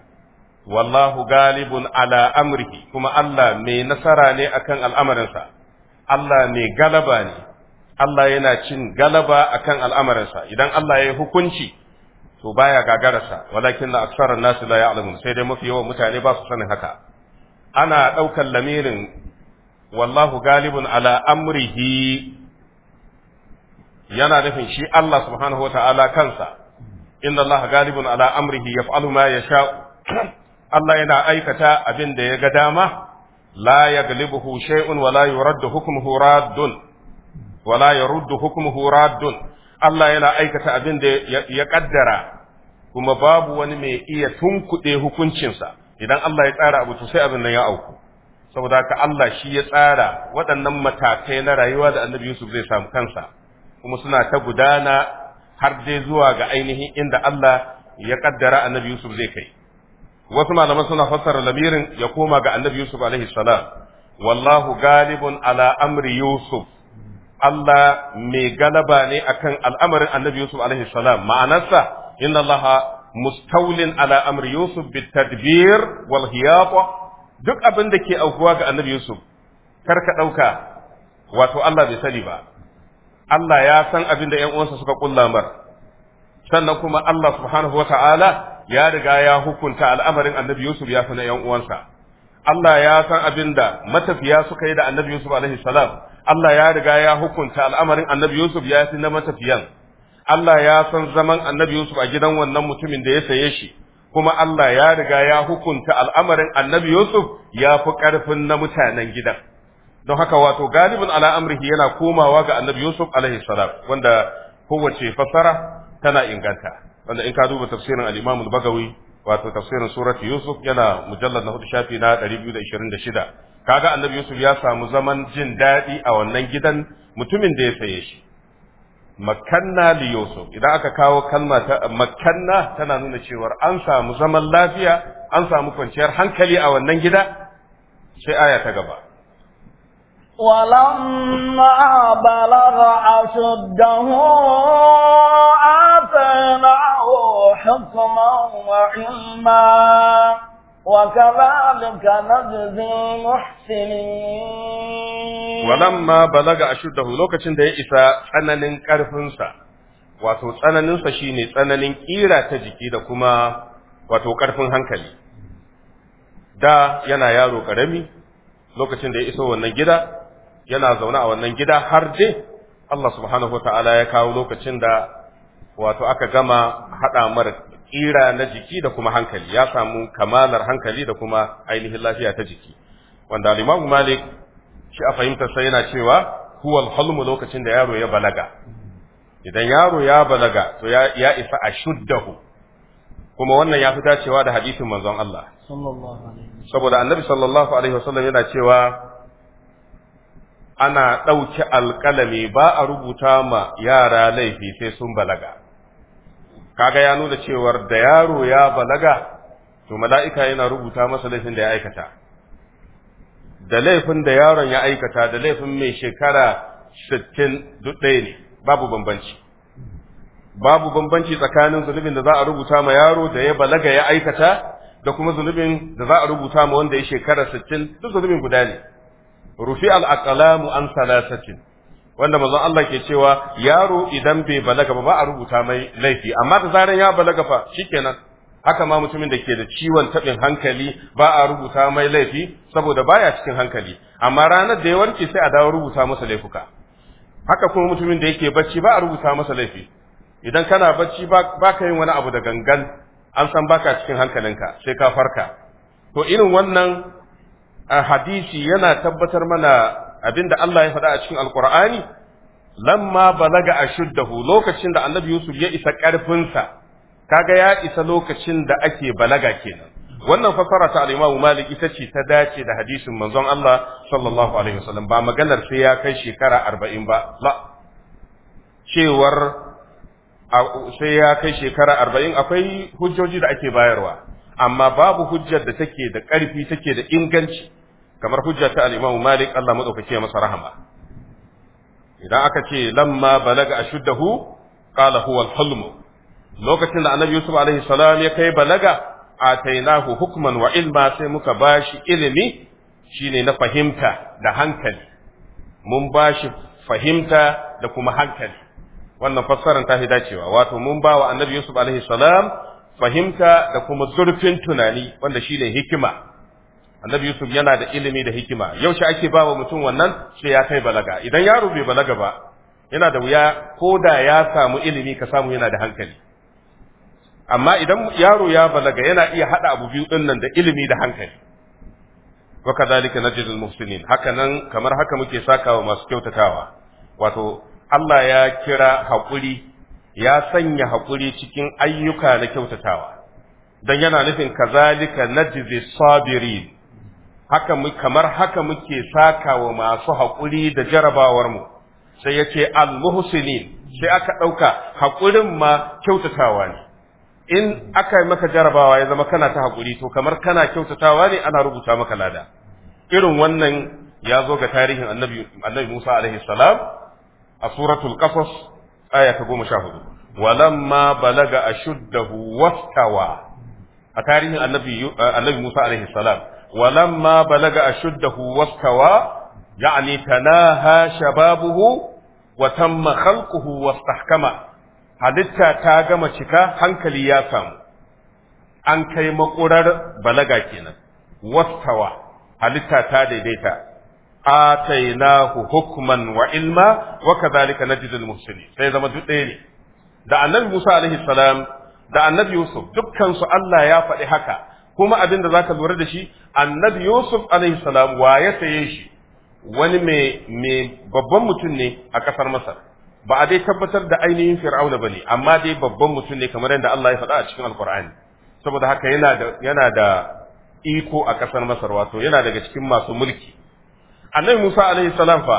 wallahu galibun ala amrihi kuma Allah mai nasara ne akan al'amarinsa Allah mai galaba ne Allah yana cin galaba akan al'amarinsa idan Allah ya yi hukunci to baya gagararsa walakin na aksarar nasu la ya'lamun sai dai mafi yawan mutane ba su sanin haka ana ɗaukar lamirin wallahu galibun ala amrihi yana nufin shi Allah subhanahu wa ta'ala kansa inna Allah galibun ala amrihi yaf'alu ma sha'u. Allah yana aikata abin da ya ga dama la yaglibuhu shay'un wa la yuraddu hukmuhu raddun wa la Allah yana aikata abin da ya ƙaddara kuma babu wani mai iya tunkuɗe hukuncinsa idan Allah ya tsara abu to sai abin nan ya auku saboda haka Allah shi ya tsara waɗannan matakai na rayuwa da Annabi Yusuf zai samu kansa kuma suna ta gudana har dai zuwa ga ainihin inda Allah ya kaddara annabi Yusuf zai kai wasu malaman suna fassara lamirin ya koma ga annabi Yusuf alaihi salam wallahu galibun ala amri Yusuf Allah mai galaba ne akan al'amarin annabi Yusuf alaihi salam ma'anarsa inna Allah mustaulin ala amri Yusuf bitadbir wal hiyata duk abin da ke aukuwa ga annabi Yusuf kar ka ɗauka, wato Allah bai sani ba Allah ya san abin da ‘yan uwansa suka kulla mar, sannan kuma Allah subhanahu wa ta'ala ya riga ya hukunta al'amarin annabi Yusuf ya sanar ‘yan uwansa. Allah ya san abin da matafiya suka yi da annabi Yusuf alaihi salam, Allah ya riga ya hukunta al'amarin annabi Yusuf ya fi na matafiyan. Allah ya san zaman annabi Yusuf a gidan wannan mutumin da ya saye shi, kuma Allah ya riga ya hukunta al'amarin annabi Yusuf ya fi ƙarfin na mutanen gidan. don haka wato galibin ala amrihi yana komawa ga annabi yusuf alaihi salam wanda kowace fassara tana inganta wanda in ka duba tafsirin al-imam al-bagawi wato tafsirin surati yusuf yana mujallad na hudu shafi na 226 kaga annabi yusuf ya samu zaman jin daɗi a wannan gidan mutumin da ya saye shi makanna li yusuf idan aka kawo kalma ta makanna tana nuna cewar an samu zaman lafiya an samu kwanciyar hankali a wannan gida sai aya ta gaba ولما بلغ أشده آتيناه حكما وعلما وكذلك نجزي المحسنين ولما بلغ أشده لوكتين ده إسا tsananin ƙarfinsa wato tsananinsa shine tsananin ƙira ta jiki da kuma wato ƙarfin hankali da yana yaro ƙarami lokacin da ya iso wannan gida yana zaune a wannan gida har je Allah subhanahu wa ta'ala ya kawo lokacin da wato aka gama haɗa mara ƙira na jiki da kuma hankali ya samu kamalar hankali da kuma ainihin lafiya ta jiki wanda limamu malik shi a fahimtarsa yana cewa huwal halmu lokacin da yaro ya balaga idan yaro ya balaga to ya isa a shuddahu kuma wannan ya fi dacewa da hadisin manzon Allah saboda annabi sallallahu alaihi wasallam yana cewa ana ɗauki alƙalami ba a rubuta ma yara laifi sai sun balaga kaga ya nuna cewar da yaro ya balaga to mala'ika yana rubuta masa laifin da ya aikata da laifin da yaron ya aikata da laifin mai shekara sittin duk ɗaya ne babu bambanci babu bambanci tsakanin zunubin da za a rubuta ma yaro da ya balaga ya aikata da kuma zunubin da za a rubuta ma wanda ya shekara sittin duk zunubin guda ne rufi al-aqlamu an salasatin wanda manzon Allah ke cewa yaro idan bai balaga ba ba a rubuta mai laifi amma da zaran ya balaga fa shikenan haka ma mutumin da ke da ciwon tabin hankali ba a rubuta mai laifi saboda baya cikin hankali amma ranar da ya wanke sai a dawo rubuta masa laifuka haka kuma mutumin da yake bacci ba a rubuta masa laifi idan kana bacci ba ka yin wani abu da gangan an san baka cikin hankalinka sai ka farka to irin wannan A hadisi yana tabbatar mana abin da Allah ya faɗa a cikin alkur'ani lamma balaga a ashuddahu lokacin da annabi yusuf ya isa ƙarfinsa kaga ya isa lokacin da ake balaga kenan wannan fasara ta al imamu Malik ita ce ta dace da hadisin manzon Allah sallallahu alaihi wasallam ba maganar sai ya kai shekara 40 ba la cewar sai ya kai shekara 40 akwai hujjoji da ake bayarwa amma babu hujjar da take da ƙarfi take da inganci kamar hujja ta al Malik Allah ya masa rahama idan aka ce lamma balaga a qala ƙala al-hulm lokacin da Annabi Yusuf alaihi salam ya kai balaga atainahu hukman wa ilma sai muka bashi ilimi shine na fahimta da hankali mun bashi fahimta da kuma hankali wannan fassarar ta fi dacewa wato mun ba wa Annabi Yusuf alaihi salam fahimta da kuma zurfin tunani wanda shine hikima annabi yusuf yana da ilimi da hikima yaushe ake ba wa mutum wannan sai ya kai balaga idan yaro bai balaga ba yana da wuya ko da ya samu ilimi ka samu yana da hankali amma idan yaro ya balaga yana iya haɗa abu biyu din nan da ilimi da hankali wa kadhalika al muhsinin hakanan kamar haka muke saka wa masu kyautatawa wato Allah ya kira hakuri ya sanya hakuri cikin ayyuka na kyautatawa dan yana nufin kazalika najzi sabirin haka kamar haka muke saka wa masu haƙuri da jarabawar mu sai yace al-muhsinin sai aka ɗauka haƙurin ma kyautatawa ne in aka yi maka jarabawa ya zama kana ta haƙuri to kamar kana kyautatawa ne ana rubuta maka lada irin wannan ya zo ga tarihin annabi annabi Musa alaihi salam a suratul qasas aya ta hudu. walamma balaga ashuddahu wastawa a tarihin annabi eh, annabi Musa alaihi salam balaga ولما بلغ أشده واستوى يعني تناهى شبابه وتم خلقه واستحكم halitta ta gama cika hankali ya samu an kai makurar balaga kenan wastawa halitta ta daidaita atainahu hukman wa ilma wa kadhalika najzil muhsinin sai zama duk ɗaya ne da annabi Musa alaihi salam da annabi Yusuf dukkan Allah ya faɗi haka kuma abin da za ka lura da shi annabi yusuf alaihi salam wa ya saye shi wani mai babban mutum ne a ƙasar masar ba a dai tabbatar da ainihin fir'auna ne amma dai babban mutum ne kamar yadda Allah ya faɗa a cikin alqur'ani saboda haka yana da yana da iko a kasar masar wato yana daga cikin masu mulki annabi musa alaihi salam fa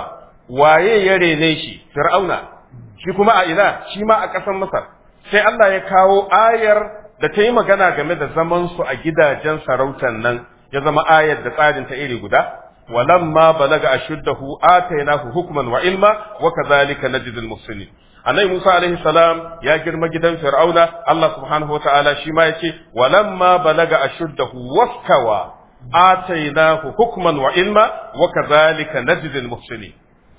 waye ya rene shi fir'auna shi kuma a ina shi ma a kasar masar sai Allah ya kawo ayar da ta yi magana game da zamansu a gidajen sarautan nan ya zama ayar da tsarin ta iri guda walamma balaga wa ilma wa Musa alaihi salam ya girma gidan Fir'auna Allah subhanahu wa ta'ala shi ma yace walamma balaga ashuddahu wa ilma wa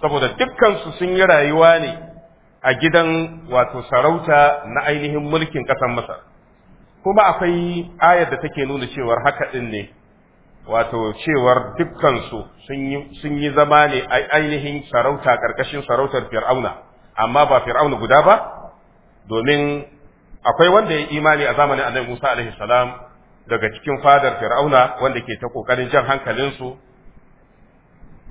saboda dukkan su sun yi rayuwa ne a gidan wato sarauta na ainihin mulkin ƙasar Masar kuma akwai ayar da take nuna cewar haka din ne wato cewar dukkansu sun yi zama ne ainihin sarauta ƙarƙashin sarautar fir'auna amma ba fir'auna guda ba domin akwai wanda ya imani a zamanin annabi musa alaihi salam daga cikin fadar fir'auna wanda ke ta ƙoƙarin jan hankalinsu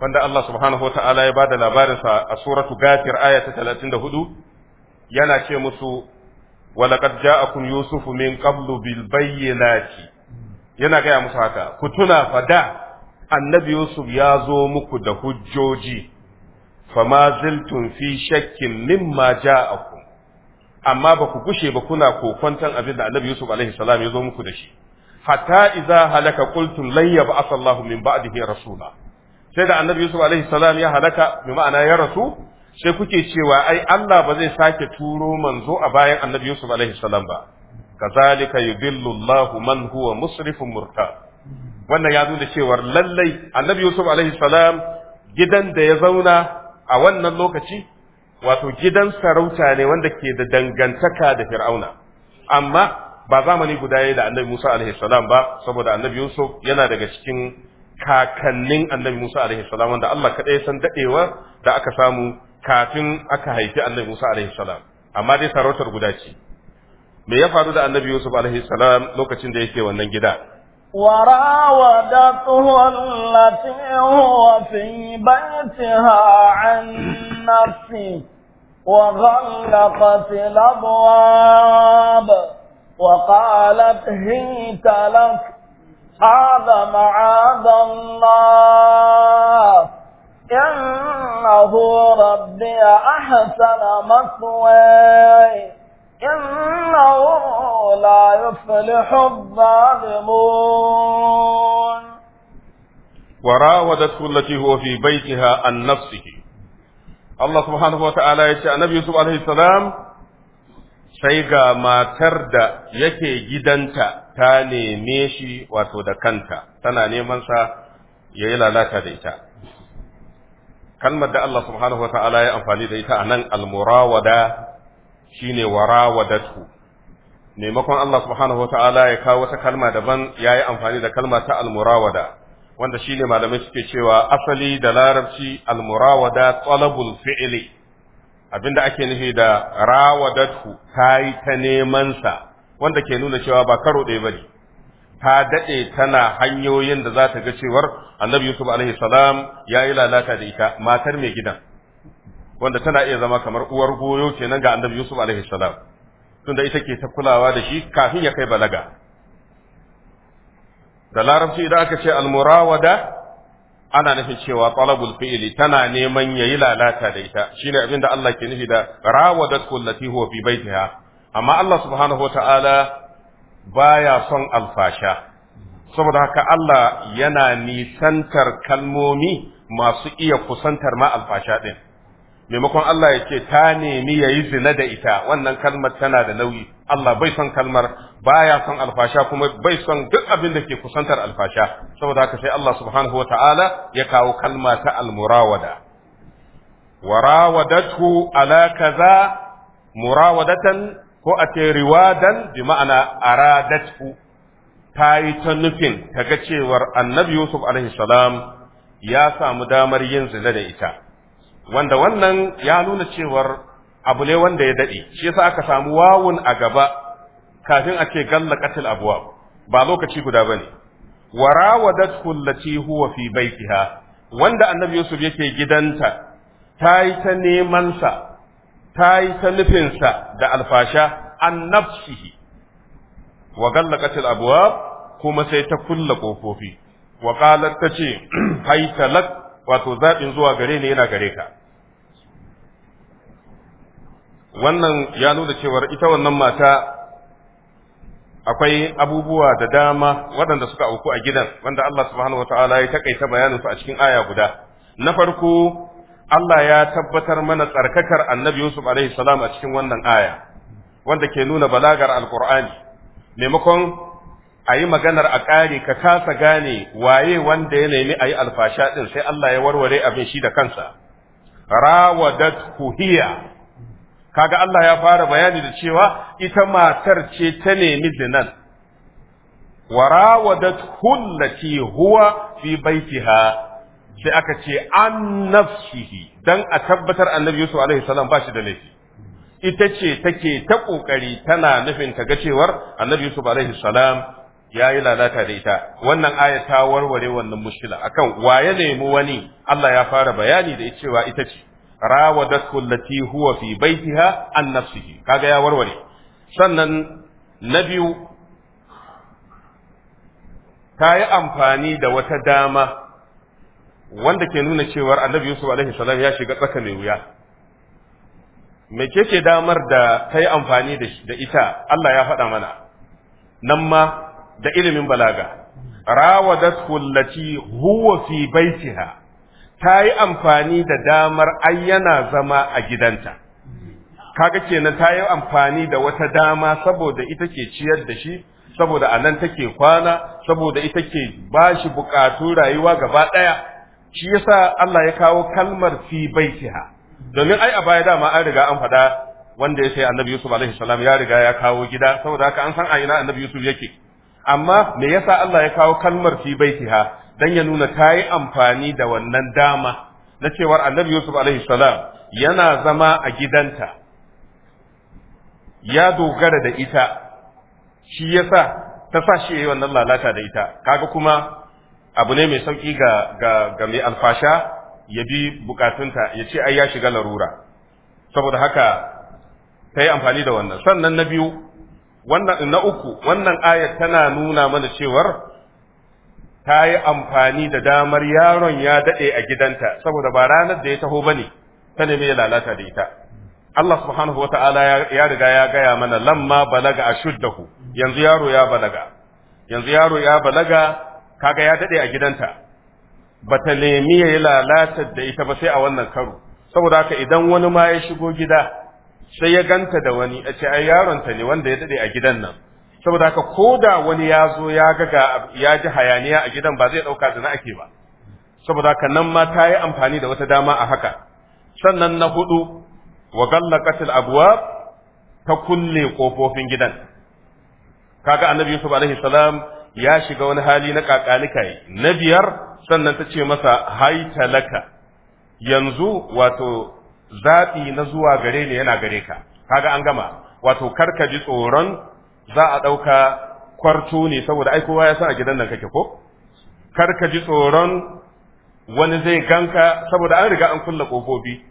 wanda Allah subhanahu wa ta'ala ya ba da labarinsa a suratu gafir aya ta 34 yana ce musu ولقد جاءكم يوسف من قبل بالبينات yana gaya musu haka ku tuna fada annabi yusuf ya zo muku da hujjoji ma ziltum fi shakkin mimma ja'akum amma ba ku gushe ba kuna kokwantan abin da annabi yusuf alaihi salam ya zo muku da shi hatta idza halaka qultum lan yab'ath Allahu min ba'dihi rasula sai da annabi yusuf alaihi salam ya halaka bi ma'ana ya rasu sai kuke cewa ai Allah ba zai sake turo manzo a bayan Annabi Yusuf alaihi salam ba kazalika yudillu Allahu man huwa musrifun murtab wannan ya nuna cewa lallai Annabi Yusuf alaihi salam gidan da ya zauna a wannan lokaci wato gidan sarauta ne wanda ke da dangantaka da Fir'auna amma ba zamani guda yayi da Annabi Musa alaihi salam ba saboda Annabi Yusuf yana daga cikin kakannin Annabi Musa alaihi salam wanda Allah kadai san dadewa da aka samu kafin aka haifi annabi Musa alaihi salam amma dai sarautar guda ce me ya faru da annabi Yusuf alaihi salam lokacin da yake wannan gida وراودته التي هو في بيتها عن نفسه وغلقت الأبواب وقالت هيت لك هذا معاذ الله إنه ربي أحسن مثواي إنه لا يفلح الظالمون وراودته التي هو في بيتها عن نفسه الله سبحانه وتعالى يتي النبي يوسف عليه السلام sai ما matar da yake gidanta ta neme shi wato da kanta tana neman sa lalata da ita kalmar da Allah subhanahu ta'ala ya amfani da ita a nan almurawada shine warawadatu maimakon Allah subhanahu ta'ala ya kawo wata kalma daban ya yi amfani da kalma ta almurawada wanda shine malamai suke cewa asali da larabci almurawada talabul fi'ili abinda ake nufi da rawadatu ta yi ta neman sa wanda ke nuna cewa ba karo ɗaya bari. ta daɗe tana hanyoyin da za ta ga cewar annabi Yusuf alaihi salam ya yi lalata da ita matar mai gidan wanda tana iya zama kamar uwar goyo kenan ga annabi Yusuf alaihi salam tunda ita ke ta kulawa da shi kafin ya kai balaga da larabci idan aka ce almurawada ana nufin cewa talabul fi'li tana neman yayi lalata da ita shine da Allah ke nufi da rawadat kullati huwa fi baitiha amma Allah subhanahu wa ta'ala baya son alfasha saboda haka Allah yana nisantar kalmomi masu iya kusantar ma alfasha din maimakon Allah ya ce ta nemi ya yi zina da ita wannan kalmar tana da nauyi Allah bai son kalmar baya son alfasha kuma bai son duk abin da ke kusantar alfasha saboda haka sai Allah subhanahu wa ta'ala ya kawo kalma ta almurawada warawadatu ala kaza murawadatan ko a ce riwadan bi ma'ana aradatu ta yi ta nufin ta ga cewar annabi Yusuf alaihi salam ya samu damar yin zina da ita wanda wannan ya nuna cewar abu ne wanda ya daɗe shi yasa aka samu wawun a gaba kafin a ce galla qatil abwa ba lokaci guda bane warawadatu allati huwa fi baitiha wanda annabi Yusuf yake gidanta ta yi ta neman sa ta yi ta nufinsa da alfasha an nafsihi wa gallaqatil abwab kuma sai ta kulla kofofi wa qalat tace hayta lak wato zaɓin zuwa gare ne yana gare ka wannan ya nuna cewar ita wannan mata akwai abubuwa da dama waɗanda suka auku a gidan wanda Allah subhanahu wataala ya takaita bayaninsu a cikin aya guda na farko Allah ya tabbatar mana tsarkakar annabi Yusuf alaihi salam a cikin wannan aya wanda ke nuna balagar alkur'ani maimakon a yi maganar a ƙari ka kasa gane waye wanda ya nemi a yi alfasha ɗin sai Allah ya warware abin shi da kansa rawadat kuhiya kaga Allah ya fara bayani da cewa ita matar ce ta nemi zinan wa rawadat kullati huwa fi baitiha sai aka ce an nafsihi dan a tabbatar annabi Yusuf alaihi salam ba shi da laifi ita ce take ta kokari tana nufin ta ga cewar annabi Yusuf alaihi salam ya yi lalata da ita wannan aya ta warware wannan mushkila akan waye ya nemi wani Allah ya fara bayani da cewa ita ce rawadatu allati huwa fi baitiha an nafsihi kaga ya warware sannan na biyu ta yi amfani da wata dama wanda ke nuna cewar annabi yusuf alaihi salam ya shiga tsaka mai wuya me keke damar da ta yi amfani da ita Allah ya faɗa mana nan ma da ilimin balaga rawadat kullati huwa fi baitiha ta yi amfani da damar ayyana zama a gidanta kaga kenan ta yi amfani da wata dama saboda ita ke ciyar da shi saboda anan take kwana saboda ita ke bashi bukatun rayuwa gaba ɗaya shi yasa Allah ya kawo kalmar fi baitiha domin ai a baya dama an riga an faɗa wanda ya sai annabi Yusuf alaihi salam ya riga ya kawo gida saboda haka an san a ina annabi Yusuf yake amma me yasa Allah ya kawo kalmar fi baitiha dan ya nuna tayi amfani da wannan dama na cewar annabi Yusuf alaihi salam yana zama a gidanta ya dogara da ita shi yasa ta sa shi yayi wannan lalata da ita kaga kuma abu ne mai sauki ga ga ga mai alfasha ya bi bukatunta ya ce ai ya shiga larura saboda haka ta yi amfani da wannan sannan na biyu wannan na uku wannan ayat tana nuna mana cewar ta yi amfani da damar yaron ya daɗe a gidanta saboda ba ranar da ya taho ba ne ta nemi ya lalata da ita Allah subhanahu wata'ala ya riga ya gaya mana lamma balaga a shuddahu yanzu yaro ya balaga yanzu yaro ya balaga kaga ya daɗe a gidanta bata nemi yayi lalatar da ita ba sai a wannan karo saboda haka idan wani ma ya shigo gida sai ya ganta da wani a ce ai yaronta ne wanda ya daɗe a gidan nan saboda haka ko da wani ya zo ya ga ya ji hayaniya a gidan ba zai dauka zina ake ba saboda haka nan ma ta yi amfani da wata dama a haka sannan na hudu wa gallaqat al-abwab ta kulle kofofin gidan kaga annabi Yusuf alaihi salam ya shiga wani hali na kakalika yi na biyar sannan ta ce masa haitalaka yanzu wato zaɓi na zuwa gare ne yana gare ka kaga an gama wato karka ji tsoron za a ɗauka kwarto ne saboda ai kowa ya san a gidan nan kake ko karka ji tsoron wani zai ganka saboda an riga an kulle kofofi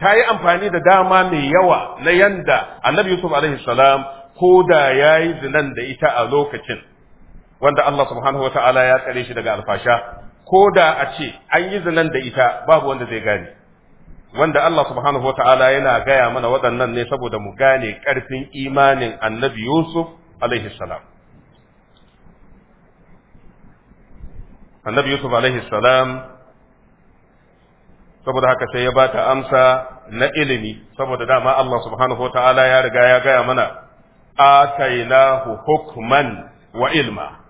ta yi amfani da dama mai yawa na yanda annabi yusuf alaihi salam ko da ya yi zinan da ita a lokacin wanda Allah subhanahu wa ta'ala ya tsare shi daga alfasha ko da a ce an yi zinan da ita babu wanda zai gane wanda Allah subhanahu wa ta'ala yana gaya mana waɗannan ne saboda mu gane ƙarfin imanin annabi Yusuf alaihi salam annabi Yusuf alaihi salam saboda haka sai ya ba ta amsa na ilimi saboda dama Allah subhanahu wa ta'ala ya riga ya gaya mana atainahu hukman wa ilma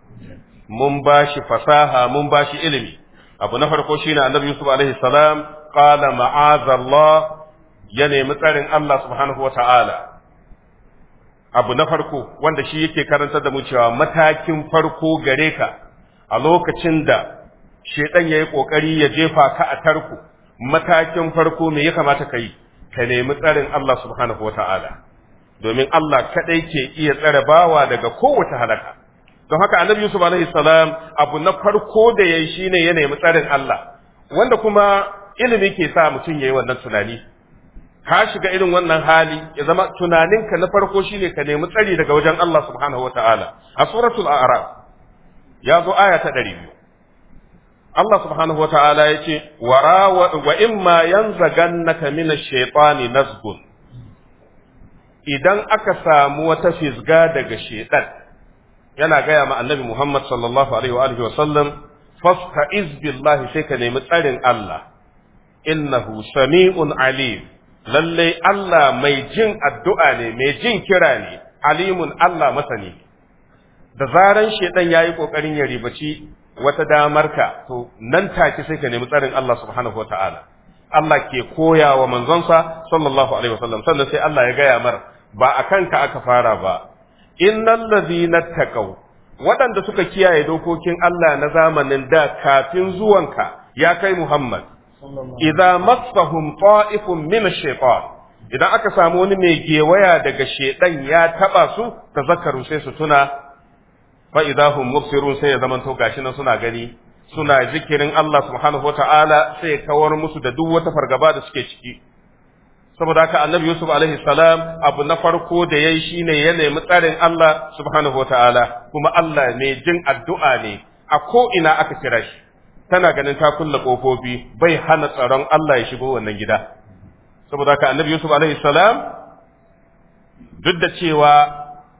mun ba shi fasaha mun ba shi ilimi abu na farko shine annabi yusuf alaihi salam qala ma'azallah ya nemi tsarin Allah subhanahu wa ta'ala abu na farko wanda shi yake karanta da mu cewa matakin farko gare ka a lokacin da shedan yayi kokari ya jefa ka a tarko matakin farko me ya kamata kai ka nemi tsarin Allah subhanahu ta'ala domin Allah kadai ke iya tsare bawa daga kowace halaka don haka annabi yusuf alaihi salam abu na farko da yayi shine ya nemi tsarin Allah wanda kuma ilimi ke sa mutum yayi wannan tunani ka shiga irin wannan hali ya zama tunaninka na farko shine ka nemi tsari daga wajen Allah subhanahu wataala a suratul a'raf ya zo aya ta 200 Allah subhanahu wataala yace wa wa imma yanzagannaka minash shaitani nazgun idan aka samu wata fisga daga shaiɗan. yana gaya ma annabi Muhammad sallallahu alaihi wa alihi wa sallam fasta'iz billahi sai ka nemi tsarin Allah innahu sami'un alim lalle Allah mai jin addu'a ne mai jin kira ne alimun Allah masani da zaran shedan yayi kokarin ya ribaci wata damarka to nan take sai ka nemi tsarin Allah subhanahu wa Allah ke koya wa manzonsa sallallahu alaihi sallam sannan sai Allah ya gaya mar ba a ka aka fara ba innal ladhina takau waɗanda suka kiyaye dokokin Allah na zamanin da kafin zuwanka ya kai Muhammad idza massahum ta'ifun min ash idan aka samu wani mai gewaya daga shedan ya taba su ta zakaru sai su tuna fa idza hum sai ya zamanto gashi nan suna gani suna zikirin Allah subhanahu wata'ala sai kawar musu da duk wata fargaba da suke ciki saboda haka annabi yusuf alaihi salam abu na farko da yayi shine ya nemi tsarin Allah subhanahu wataala kuma Allah ne jin addu'a ne a ko ina aka kira shi tana ganin ta kulle kofofi bai hana tsaron Allah ya shigo wannan gida saboda haka annabi yusuf alaihi salam duk da cewa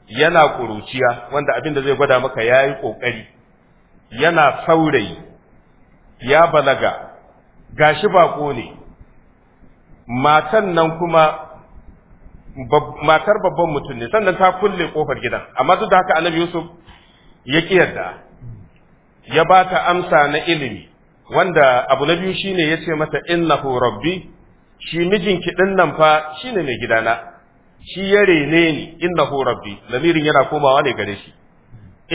yana kuruciya wanda abin da zai gwada maka yayi kokari yana saurayi ya balaga gashi bako ne matan nan kuma matar babban mutum ne sannan ta kulle kofar gidan amma duk da haka annabi yusuf ya yarda ya ba ta amsa na ilimi wanda abu na biyu shine ya ce mata innahu rabbi shi mijinki din nan fa shine mai gidana shi ya rene ni innahu rabbi lamirin yana komawa ne gare shi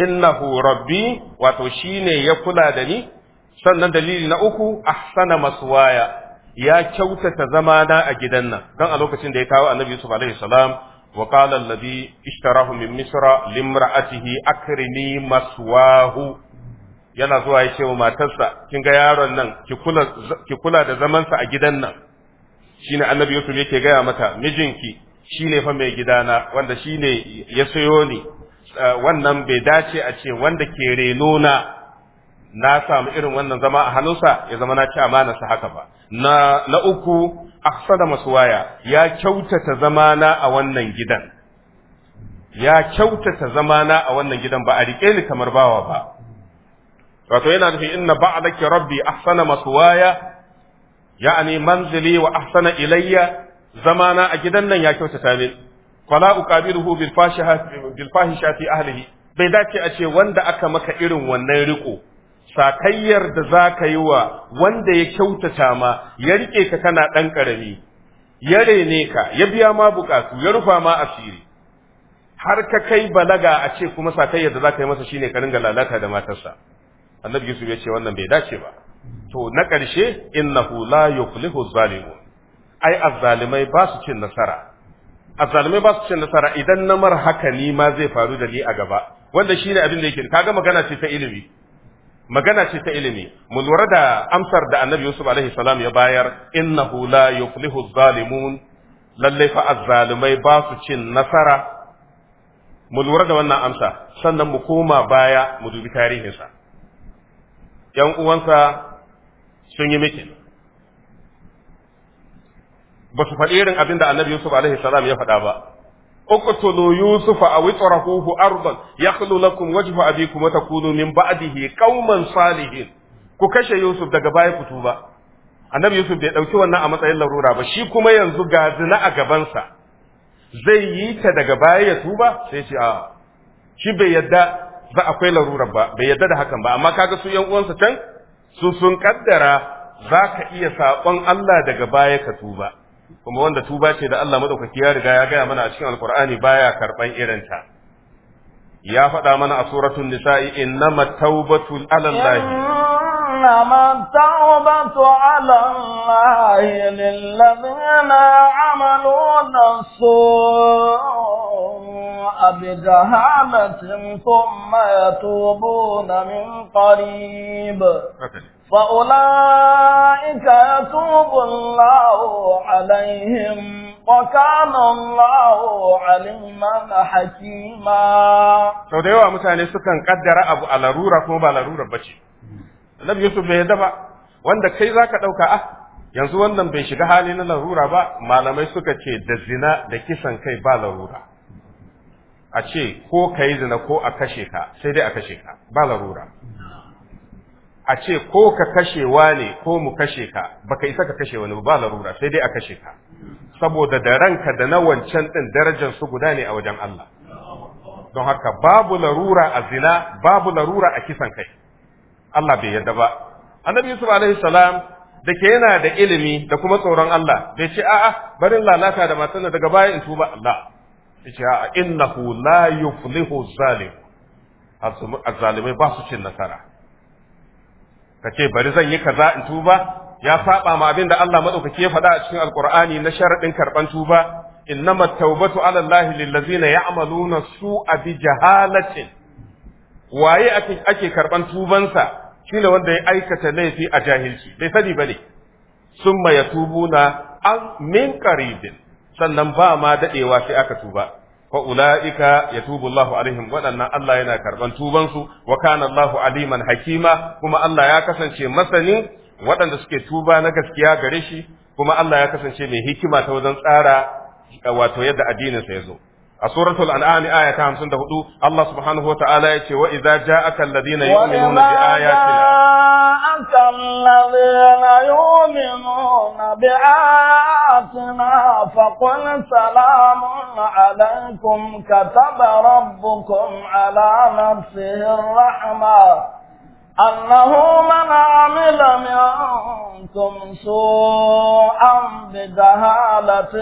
innahu rabbi wato shine ya kula da ni sannan dalili na uku ahsana maswaya ya kyautata zama na a gidan nan don a lokacin da ya kawo annabi yusuf alaihi salam wa qala alladhi ishtarahu min misra limra'atihi akrimi maswahu yana zuwa ya ce wa matarsa kin ga yaron nan ki kula ki kula da zamansa a gidan nan shine annabi yusuf yake gaya mata mijinki shine fa mai gidana wanda shine ya sayo ni wannan bai dace a ce wanda ke reno na na samu irin wannan zama a hannunsa ya zama na ci amanarsa haka ba na na uku masu waya ya kyautata zamana a wannan gidan ya kyautata zamana a wannan gidan ba a rike ni kamar bawa ba wato yana nufin inna lake rabbi ahsana masuwaya ya'ani manzili wa ahsana ilayya zamana a gidan nan ya kyautata min fala uqabiluhu bil fahishati ahlihi bai dace a ce wanda aka maka irin wannan riko sakayyar da za ka yi wa wanda ya kyautata ma ya rike ka kana ɗan ƙarami ya rene ka ya biya ma buƙatu ya rufa ma asiri har ka kai balaga a ce kuma sakayyar da za ka yi masa shine ka ringa lalata da matarsa annabi yusuf ya ce wannan bai dace ba to na ƙarshe innahu la yuflihu zalimun ai azzalimai ba su cin nasara azzalimai ba su cin nasara idan na mar haka ni ma zai faru da ni a gaba wanda shine abin da yake ga magana ce ta ilimi magana ce ta ilimi mu lura da amsar da annabi yusuf alaihi salam ya bayar innahu la yuflihu zalimun lalle fa azzalimai ba su cin nasara mu lura da wannan amsa sannan mu koma baya mu dubi tarihinsa yan uwansa sun yi mikin ba su faɗi irin abin da annabi yusuf alaihi salam ya faɗa ba اقتلوا يوسف او اطرحوه ارضا يخلو لكم وجه ابيكم وتكونوا من بعده قوما صالحين ku kashe Yusuf daga baya ku tuba annabi Yusuf bai dauki wannan a matsayin larura ba shi kuma yanzu ga zina a gabansa zai yi ta daga baya ya tuba sai ce a shi bai yadda ba akwai larura ba bai yadda da hakan ba amma kaga su yan uwansa can su sun kaddara zaka iya saƙon Allah daga baya ka tuba kuma wanda tuba ce da Allah madaukaki ya riga ya gaya mana a cikin alkur'ani baya karban irinta ya faɗa mana a suratul nisa'i innama tawbatu ala Allah إنما التوبة على الله للذين يعملون السوء بجهالة ثم يتوبون من قريب okay. فأولئك يتوب الله عليهم وكان الله عليما حكيما sau da yawa mutane sukan kaddara abu a larura kuma ba larura bace Annabi Yusuf bai yadda ba wanda kai zaka dauka ah yanzu wannan bai shiga hali na larura ba malamai suka ce da zina da kisan kai ba larura a ce ko kai zina ko a kashe ka sai dai a kashe ka ba larura a ce ko ka kashewa ne ko mu kashe ka baka isa ka kashe wani ba larura sai dai a kashe ka saboda da ranka da na wancan ɗin darajar su guda ne a wajen Allah don haka babu larura a zina babu larura a kisan kai Allah bai yarda ba annabi Yusuf alaihi salam da ke yana da ilimi da kuma tsoron Allah bai ce a'a barin lalata da matan daga baya in tuba Allah ya ce a'a innahu la yuflihu zalim azzalimai ba su cin nasara ka ce bari zan yi kaza in tuba ya saba ma abin da Allah madaukake ya faɗa a cikin alqur'ani na sharadin karban tuba innama tawbatu ala allahi lillazina ya'maluna su'a bi jahalatin waye ake ake karban tubansa shine wanda ya aikata laifi a jahilci bai sani bane summa yatubuna an min qaribin sannan ba ma dadewa sai aka tuba fa ya yatubu Allahu alaihim waɗannan Allah yana karɓar tubansu wa aliman hakima kuma Allah ya kasance masani waɗanda suke tuba na gaskiya gare shi kuma Allah ya kasance mai hikima ta wajen tsara wato yadda addininsa ya zo a suratul an'am aya ta 54 Allah subhanahu wataala yace wa idza ja'aka alladhina yu'minuna bi ayatina anta alladhina yu'minuna bi ayatina faqul salamun alaykum kataba rabbukum ala nafsihi rahmah أنه من عمل منكم سوءا بجهالة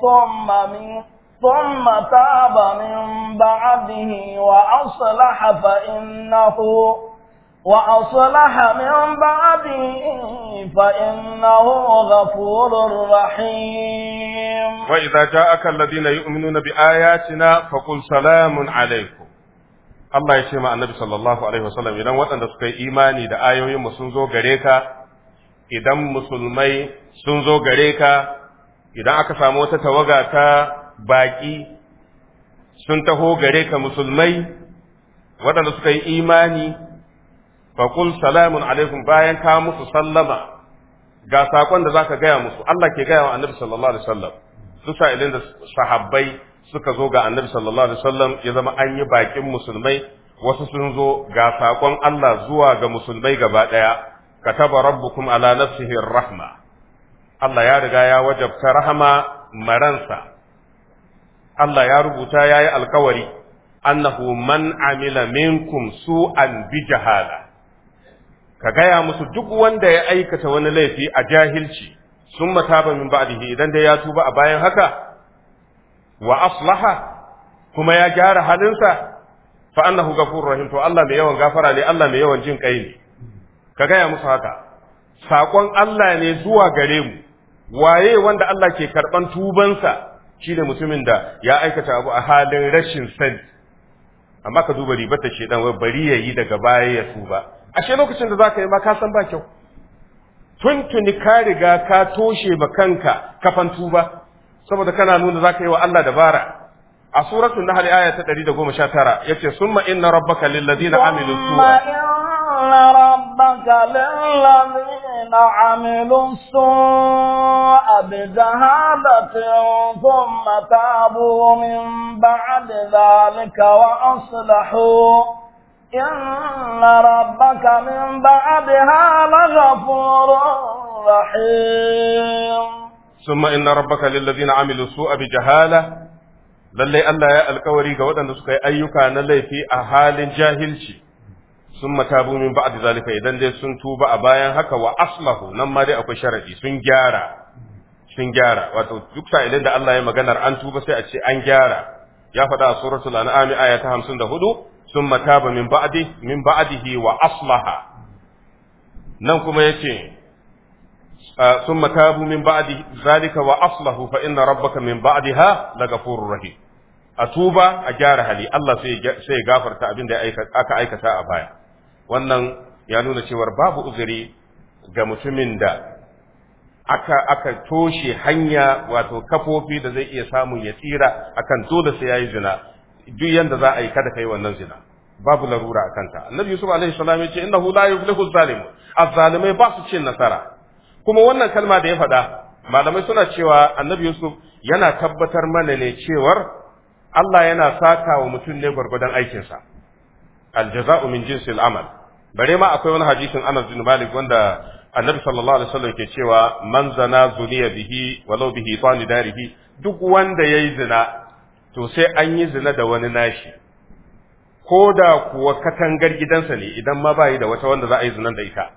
ثم من ثم تاب من بعده وأصلح فإنه وأصلح من بعده فإنه غفور رحيم وإذا جاءك الذين يؤمنون بآياتنا فقل سلام عليكم Allah ya ce ma annabi sallallahu alaihi wasallam idan waɗanda suka yi imani da ayoyinmu sun zo gare ka idan musulmai sun zo gare ka idan aka samu wata tawaga ta baƙi sun taho gare ka musulmai waɗanda suka yi imani faƙul salamun alaikum bayan ka musu sallama ga saƙon da za ka gaya musu Allah ke gaya wa annabi sallallahu alaihi wasallam duk sa'ilin da sahabbai suka zo ga annabi sallallahu alaihi wasallam ya zama an yi baƙin musulmai wasu sun zo ga saƙon Allah zuwa ga musulmai gaba ɗaya kataba rabbukum ala nafsihi rahma Allah ya riga ya wajabta rahama maransa Allah ya rubuta yayi alkawari annahu man amila minkum su'an bi jahala ka gaya musu duk wanda ya aikata wani laifi a jahilci sun mataba min ba'dihi idan dai ya tuba a bayan haka wa aslaha kuma ya gyara halinsa fa annahu ghafurur rahim to Allah mai yawan gafara ne Allah mai yawan jin kai ne ka gaya musu haka saƙon Allah ne zuwa gare mu waye wanda Allah ke karɓan tubansa shi ne mutumin da ya aikata abu a halin rashin sani amma ka duba ribar da dan wai bari ya yi daga baya ya tuba ashe lokacin da zaka yi ma ka san ba kyau tuntuni ka riga ka toshe ba kanka kafan tuba saboda kana nuna zaka yi wa Allah dabara a suratul nahl aya ta 119 yace summa inna rabbaka lil ladina amilu su'a ربك للذين عملوا السوء بجهادة ثم تابوا من بعد ذلك وأصلحوا إن ربك من بعدها لغفور رحيم ثم إن ربك للذين عملوا السوء بجهالة للي Allah يا الكوري ga نسكي suka yi ayyuka na laifi a sun matabu min ba'd zalika idan dai sun tuba a bayan haka wa aslahu nan ma dai akwai sharadi sun gyara sun gyara wato duk sa'ilin da Allah ya maganar an tuba sai a ce an gyara ya faɗa a suratul an'am aya ta 54 sun mataba min ba'di min ba'dihi wa aslaha nan kuma yace sun matabu min ba'di zalika wa aslahu fa inna rabbaka min ba'diha lagafurur rahim a tuba a gyara hali Allah sai ya gafarta abin da aka aikata a baya wannan ya nuna cewar babu uzuri ga mutumin da aka aka toshe hanya wato kafofi da zai iya samu ya tsira akan dole sai yayi zina duk yanda za a yi kada kai wannan zina babu larura akan ta annabi yusuf alaihi salam yace innahu la yuflihu zalim azzalimai ba su cin nasara kuma wannan kalma da ya faɗa malamai suna cewa annabi yusuf yana tabbatar mana ne cewar Allah yana saka wa mutum ne gwargwadon aikinsa aljaza'u min jinsil amal bare ma akwai wani hadisin Anas bin Malik wanda Annabi sallallahu alaihi wasallam ke cewa man zana zuniya bihi walau bihi tani darihi duk wanda yayi zina to sai an yi zina da wani nashi ko da kuwa katangar gidansa ne idan ma bayi da wata wanda za a yi zinan da ita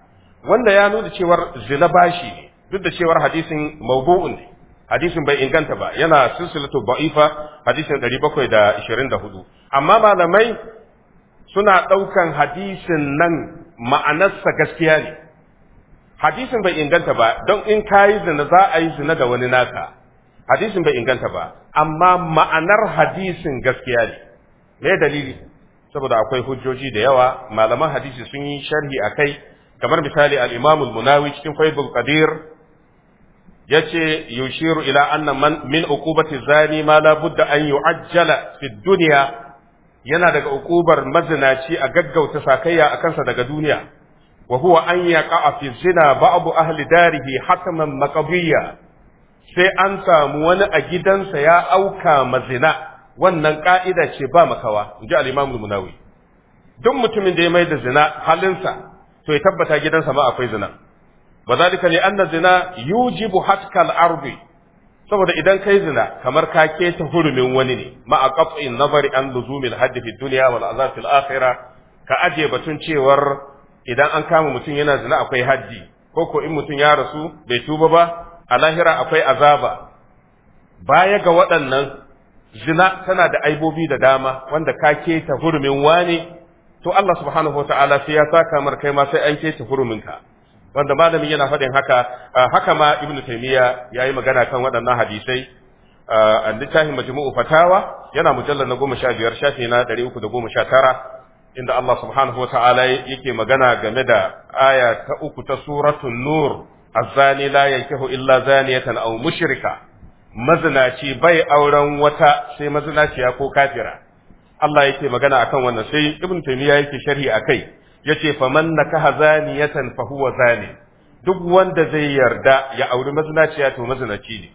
wanda ya nuna cewar zina bashi ne duk da cewar hadisin mawdu'un ne hadisin bai inganta ba yana silsilatu ba'ifa hadisin 724 amma malamai suna ɗaukan hadisin nan ma'anarsa gaskiya ne hadisin bai inganta ba don in ka yi zina za a yi zina da wani naka hadisin bai inganta ba amma ma'anar hadisin gaskiya ne me dalili saboda akwai hujjoji da yawa malaman hadisi sun yi sharhi a kai. kamar misali al munawi cikin Faibul Qadir yace yushiru ila anna man min uqubati zani ma la budda an yu'ajjala fi dunya yana daga ukubar mazinaci a gaggauta sakayya a kansa daga duniya wa huwa an yaqa fi zina ba'du ahli darihi hatman maqabiyya sai an samu wani a gidansa ya auka mazina wannan ka'ida ce ba makawa inji al-imam al-munawi duk mutumin da ya mai da zina halinsa to ya tabbata gidansa ma akwai zina bazalika li anna zina yujibu hatkal ardi saboda idan kai zina kamar ka keta hurumin wani ne ma a qat'in nazari an luzumil haddi fi dunya wal azab fil akhirah ka aje batun cewar idan an kama mutum yana zina akwai haddi ko ko in mutum ya rasu bai tuba ba a lahira akwai azaba baya ga waɗannan zina tana da aibobi da dama wanda ka keta hurumin wani to Allah subhanahu wa ta'ala sai ya saka mar kai ma sai an keta huruminka wanda malamin yana faɗin haka haka ma ibnu taymiya yayi magana kan waɗannan hadisai a littafin majmu'u fatawa yana mujallal na 15 shafi na 319 inda Allah subhanahu wa ta'ala yake magana game da aya ta uku ta suratul nur azani la kyau illa zaniyatan aw mushrika mazinaci bai auren wata sai ya ko kafira Allah yake magana akan wannan sai ibnu taymiya yake sharhi akai yace faman nakaha zaniyatan fa huwa zani duk wanda zai yarda ya auri mazinaciya to mazinaci ne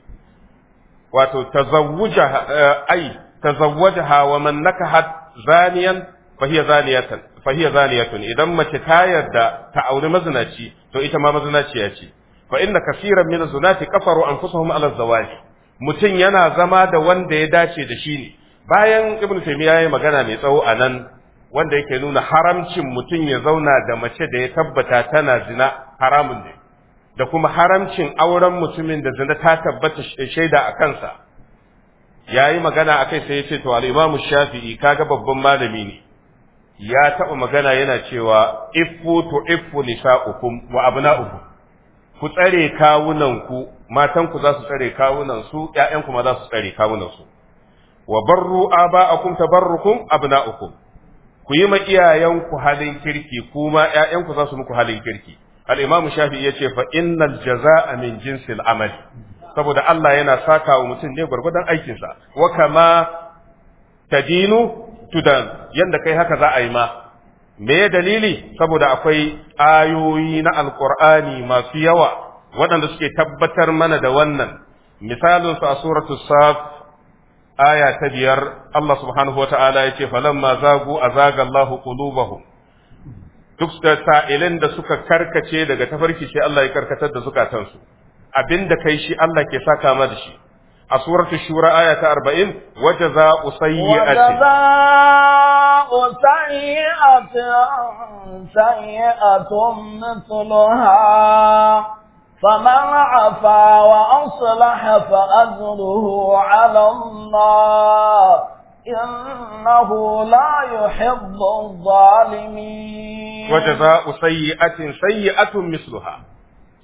wato tazawwaja eh, ai tazawwaja wa man nakaha zaniyan fa hiya zaniyatan fa hiya zaniyatun idan mace ta yarda ta auri mazinaci to ita ma mazinaciya ce fa inna kaseeran min zunati kafaru anfusuhum ala zawaji mutum yana zama da wanda ya dace da shi ne bayan ibnu taymiya yayi magana mai tsawo anan wanda yake nuna haramcin mutum ya zauna da mace da ya tabbata tana zina haramun ne da kuma haramcin auren mutumin da zina ta tabbata shaida a kansa ya yi magana a kai sai ya ce to al'imamu shafi'i kaga babban malami ne ya taɓa magana yana cewa ifu to iffu nisa'ukum wa abna'ukum ku tsare kawunanku matanku za su tsare kawunansu ƴaƴanku ma za su tsare kawunansu wa barru aba'akum tabarrukum abna'ukum ku yi ma iyayenku halin kirki kuma ƴaƴanku za su muku halin kirki al-imam shafi'i yace fa innal jazaa min jinsil amal saboda Allah yana saka wa mutum ne gwargwadon aikinsa wa kama tadinu tudan yanda kai haka za a yi ma me dalili saboda akwai ayoyi na alqur'ani masu yawa waɗanda suke tabbatar mana da wannan misalin su a suratul saf aya ta biyar Allah subhanahu wata'ala ya ce falamma zagu azaga Allahu kulubahu. duk da sa'ilin da suka karkace daga tafarki shi Allah ya karkatar da zukatansu abinda kai shi Allah ke saka ma da shi a suratu shura aya ta 40 wajaza'u sayyi'atin وسيئة سيئة فمن عفا وأصلح فأجره على الله إنه لا يحب الظالمين وجزاء سيئة سيئة مثلها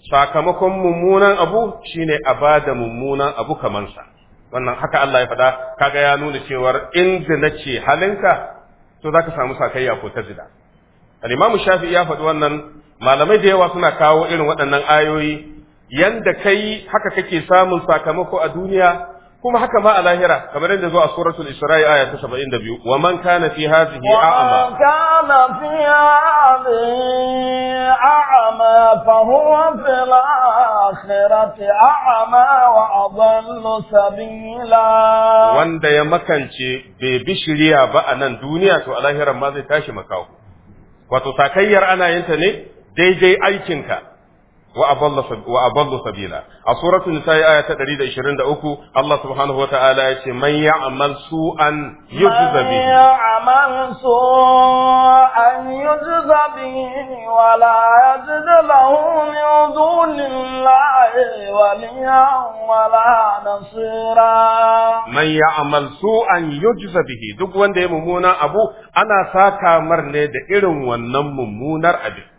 sakamakon mummunan abu shine a bada mummunan abu kamansa wannan haka Allah ya faɗa kaga ya nuna cewar in na ce halinka to zaka samu sakayya ko ta zida. al-Imam Shafi'i ya faɗi wannan malamai da yawa suna kawo irin waɗannan ayoyi yanda kai haka kake samun sakamako a duniya kuma haka ma a lahira kamar yadda zo a suratul isra'i aya ta 72 wa man kana fi hadhihi a'ma wa man kana fi a'ma fa huwa fil akhirati a'ma wa adallu sabila wanda ya makance bai bi shiriya ba a nan duniya to a lahiran ma zai tashi makawo wato sakayyar ana yin ne daidai aikinka wa aballu sabila a suratul Nisa aya ta 123 Allah subhanahu wa ta'ala ya ce man ya'mal su'an yujza bihi man ya'mal su'an yujza bihi wa la yajid lahu min dunillahi waliyan wa la nasira man ya'mal su'an yujza bihi duk wanda ya mummuna abu ana saka mar ne da irin wannan mummunar abin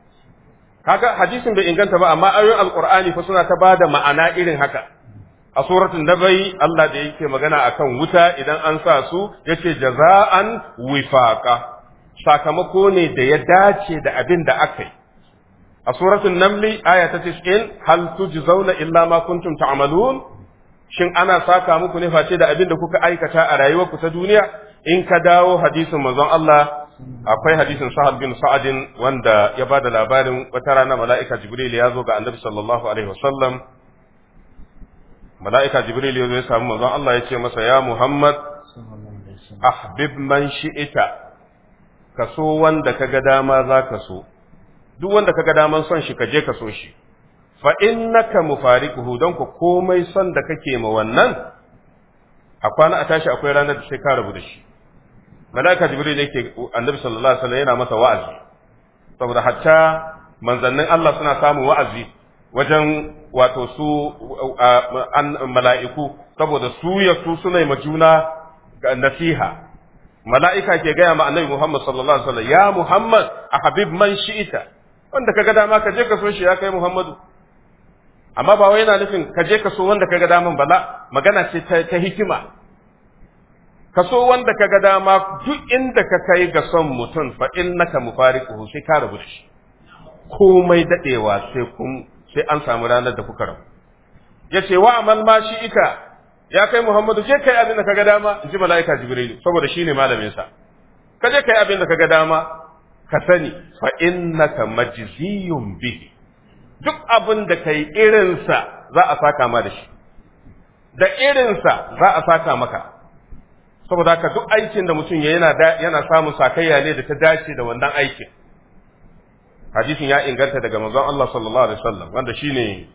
kaga hadisin bai inganta ba amma ayoyin alqur'ani fa suna ta bada ma'ana irin haka a suratul nabai Allah da yake magana akan wuta idan an sa su yace jaza'an wifaqa sakamako ne da ya dace da abin da aka yi a suratul namli aya ta 90 hal tujzauna illa ma kuntum ta'malun shin ana saka muku ne face da abin da kuka aikata a rayuwarku ta duniya in ka dawo hadisin manzon Allah akwai hadisin sahab bin sa'adin wanda ya ba da labarin wata rana mala'ika jibril ya zo ga annabi sallallahu alaihi wasallam mala'ika jibril ya zo ya samu manzon Allah ya ce masa ya muhammad ahbib man shi'ita ka so wanda kaga dama za ka so duk wanda kaga daman son shi ka je ka so shi fa innaka mufariquhu don ku komai son da kake ma wannan a kwana a tashi akwai ranar da sai ka rabu da shi malaika jibril yake annabi sallallahu alaihi wasallam yana masa wa'azi saboda hatta manzannin Allah suna samun wa'azi wajen wato su mala'iku saboda su ya su suna yi majuna nasiha mala'ika ke gaya ma annabi Muhammad sallallahu alaihi wasallam ya Muhammad a habib man shi'ita wanda kaga dama ka je ka so shi ya kai Muhammadu amma ba wai yana nufin ka je ka so wanda kaga daman bala magana ce ta hikima ka so wanda ka ga dama duk inda ka kai ga son mutum fa mufari ku sai ka rabu da shi komai daɗewa sai kun an samu ranar da kuka rabu Ya ce wa amal ma shi ika ya kai Muhammadu je kai abin da ka ga dama in ji mala'ika Jibril saboda shine malamin sa ka je kai abin da ka ga dama ka sani fa ka majziyun bihi duk abin da kai irinsa za a saka ma da shi da irinsa za a saka maka saboda haka duk aikin da mutum ya yana samun sakayya ne da ta dace da wannan aikin hadisin ya inganta daga manzon Allah sallallahu alaihi wasallam wanda shine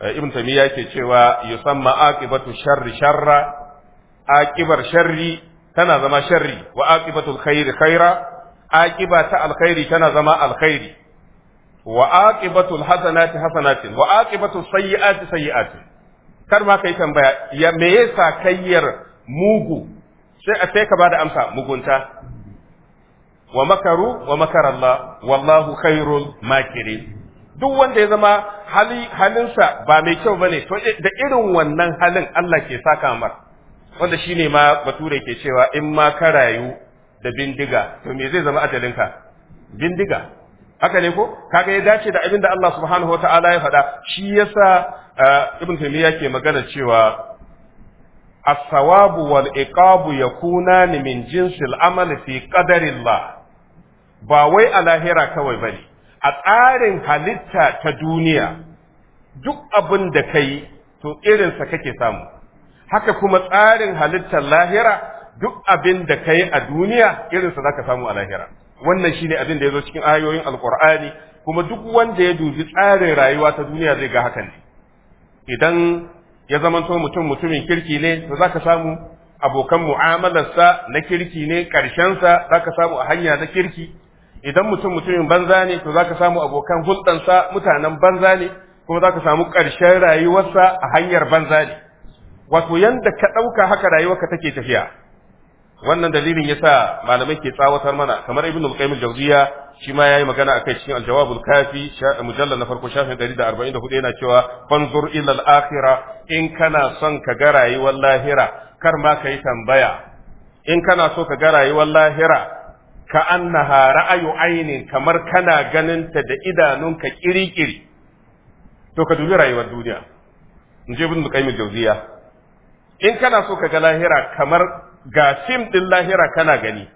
eh, ibn tamiya yake cewa yusamma aqibatu sharri sharra aqibar sharri tana zama sharri wa aqibatul khairi khaira aqiba ta alkhairi tana zama alkhairi wa aqibatul hasanati wa aqibatul sayyi'ati sayyi'atin kar ma kai tambaya ya me yasa kayyar mugu sai a sai ka ba da amsa mugunta wa makaru wa makar Allah wallahu khairul makiri. duk wanda ya zama hali halinsa ba mai kyau bane to da irin wannan halin Allah ke saka mar wanda shine ma bature ke cewa in ma ka rayu da bindiga to me zai zama ajalinka bindiga haka ne ko kaga ya dace da abin Allah subhanahu wataala ya faɗa shi yasa eh, ibn taymiya ke magana cewa الثواب والعقاب يكونان من جنس العمل في قدر الله باوي على هيرا كوي بني tsarin halitta ta duniya duk abin da yi to irinsa kake samu haka kuma tsarin halittar lahira duk abin da yi a duniya irinsa zaka samu a lahira wannan shine abin da zo cikin ayoyin alkur'ani kuma duk wanda ya dubi tsarin rayuwa ta duniya zai ga hakan ne idan ya zamanto mutum mutumin kirki ne to zaka samu abokan mu'amalarsa na kirki ne karshensa zaka samu a hanya na kirki idan mutum mutumin banza ne to zaka samu abokan hulɗansa mutanen banza ne kuma zaka samu ƙarshen rayuwarsa a hanyar banza ne wato yanda ka ɗauka haka rayuwarka take tafiya wannan dalilin yasa malamai ke tsawatar mana kamar ibnu al-qayyim al-jawziya shi ma yayi magana akai cikin al-jawab al-kafi mujallal na farko shafin 144 yana cewa fanzur ila al-akhirah in kana son ka ga rayuwar lahira kar ma kai tambaya in kana so ka ga rayuwar lahira ka annaha ra'ayu ainin kamar kana ganin ta da idanunka kirikiri to ka dubi rayuwar duniya in je ibnu al jawziya in kana so ka ga lahira kamar ga fim ɗin lahira kana gani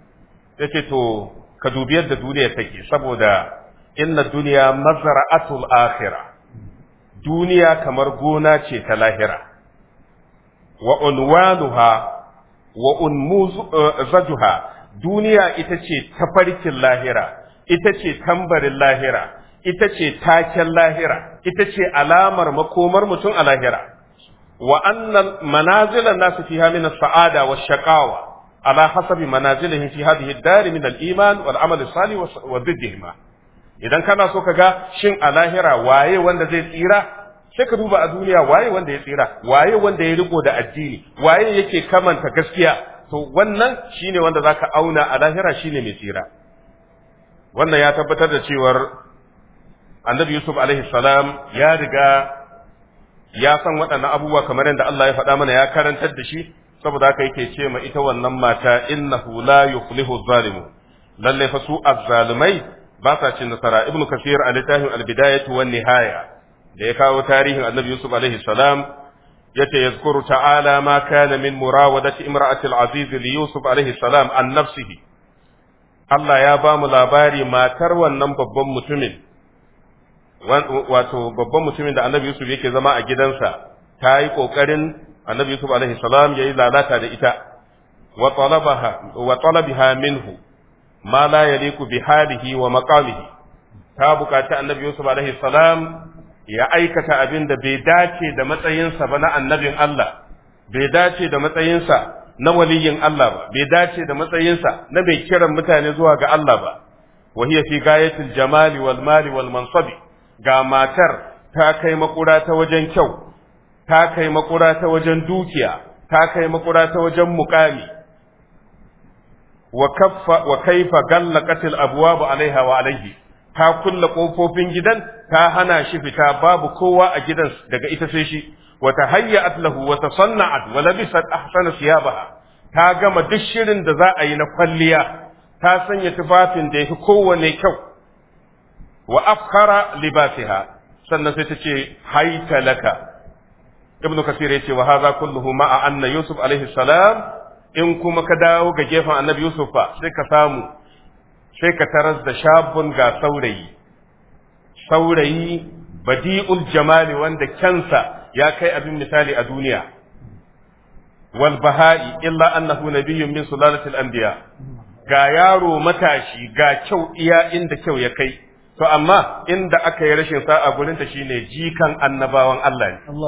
ya ce to ka dubi yadda duniya take saboda inna duniya mazra'atul akhira duniya kamar gona ce ta lahira wa unwanuha wa eh, zajuha duniya ita ce tafarkin lahira ita ce tambarin lahira ita ce taken lahira ita ce alamar makomar mutum a lahira wa anna manazil an-nas min saada wa shaqawa ala hasabi manazilihim fi hadhihi ad-dar min al-iman wal-amal as-salih wa diddihima idan kana so ka ga shin a lahira waye wanda zai tsira sai ka duba a duniya waye wanda ya tsira waye wanda ya riko da addini waye yake kamanta gaskiya to wannan shine wanda zaka auna a lahira shine mai tsira wannan ya tabbatar da cewar annabi yusuf alaihi salam ya riga ya san waɗannan abubuwa kamar yadda Allah ya faɗa mana ya karantar da shi saboda haka yake ce ma ita wannan mata innahu la yuflihu zalimu lalle fa su azzalimai ba sa cin nasara ibn kasir a littafin albidayatu wan nihaya da ya kawo tarihin annabi yusuf alaihi salam yace yazkuru ta'ala ma kana min murawadati imra'ati al-aziz li yusuf alaihi salam an nafsihi Allah ya ba mu labari matar wannan babban mutumin wato babban mutumin da annabi yusuf yake zama a gidansa ta yi ƙoƙarin annabi yusuf alaihi salam ya yi lalata da ita wa talabiha minhu ma la yaliku bi halihi wa maqamihi ta bukaci annabi yusuf alaihi salam ya aikata abin da bai dace da matsayinsa ba na annabin Allah bai dace da matsayinsa na waliyin Allah ba bai dace da matsayinsa na bai kiran mutane zuwa ga Allah ba wa hiya fi gayatil jamali wal mali wal mansabi ga matar ta kai makura ta wajen kyau ta kai makura ta wajen dukiya ta kai makura ta wajen mukami wa kaifa gallaqatil abwab alaiha wa alaihi ta kulla ƙofofin gidan ta hana shi fita babu kowa a gidan daga ita sai shi wa tahayyat lahu wa tasanna'at wa labisat ahsana siyabaha ta gama duk shirin da za a yi na kwalliya ta sanya tufafin da yafi kowane kyau wa afkara libasiha sannan sai ta ce haita laka ibnu kasir ya ce wa hadha kulluhu ma'a anna yusuf alaihi salam in kuma ka dawo ga gefen annabi yusuf fa sai ka samu sai ka taras da shabun ga saurayi saurayi badi'ul jamali wanda kyansa ya kai abin misali a duniya wal baha'i illa annahu nabiyyun min sulalatil anbiya ga yaro matashi ga kyau iya inda kyau ya kai to amma inda aka yi rashin sa'a gurinta shine jikan annabawan Allah ne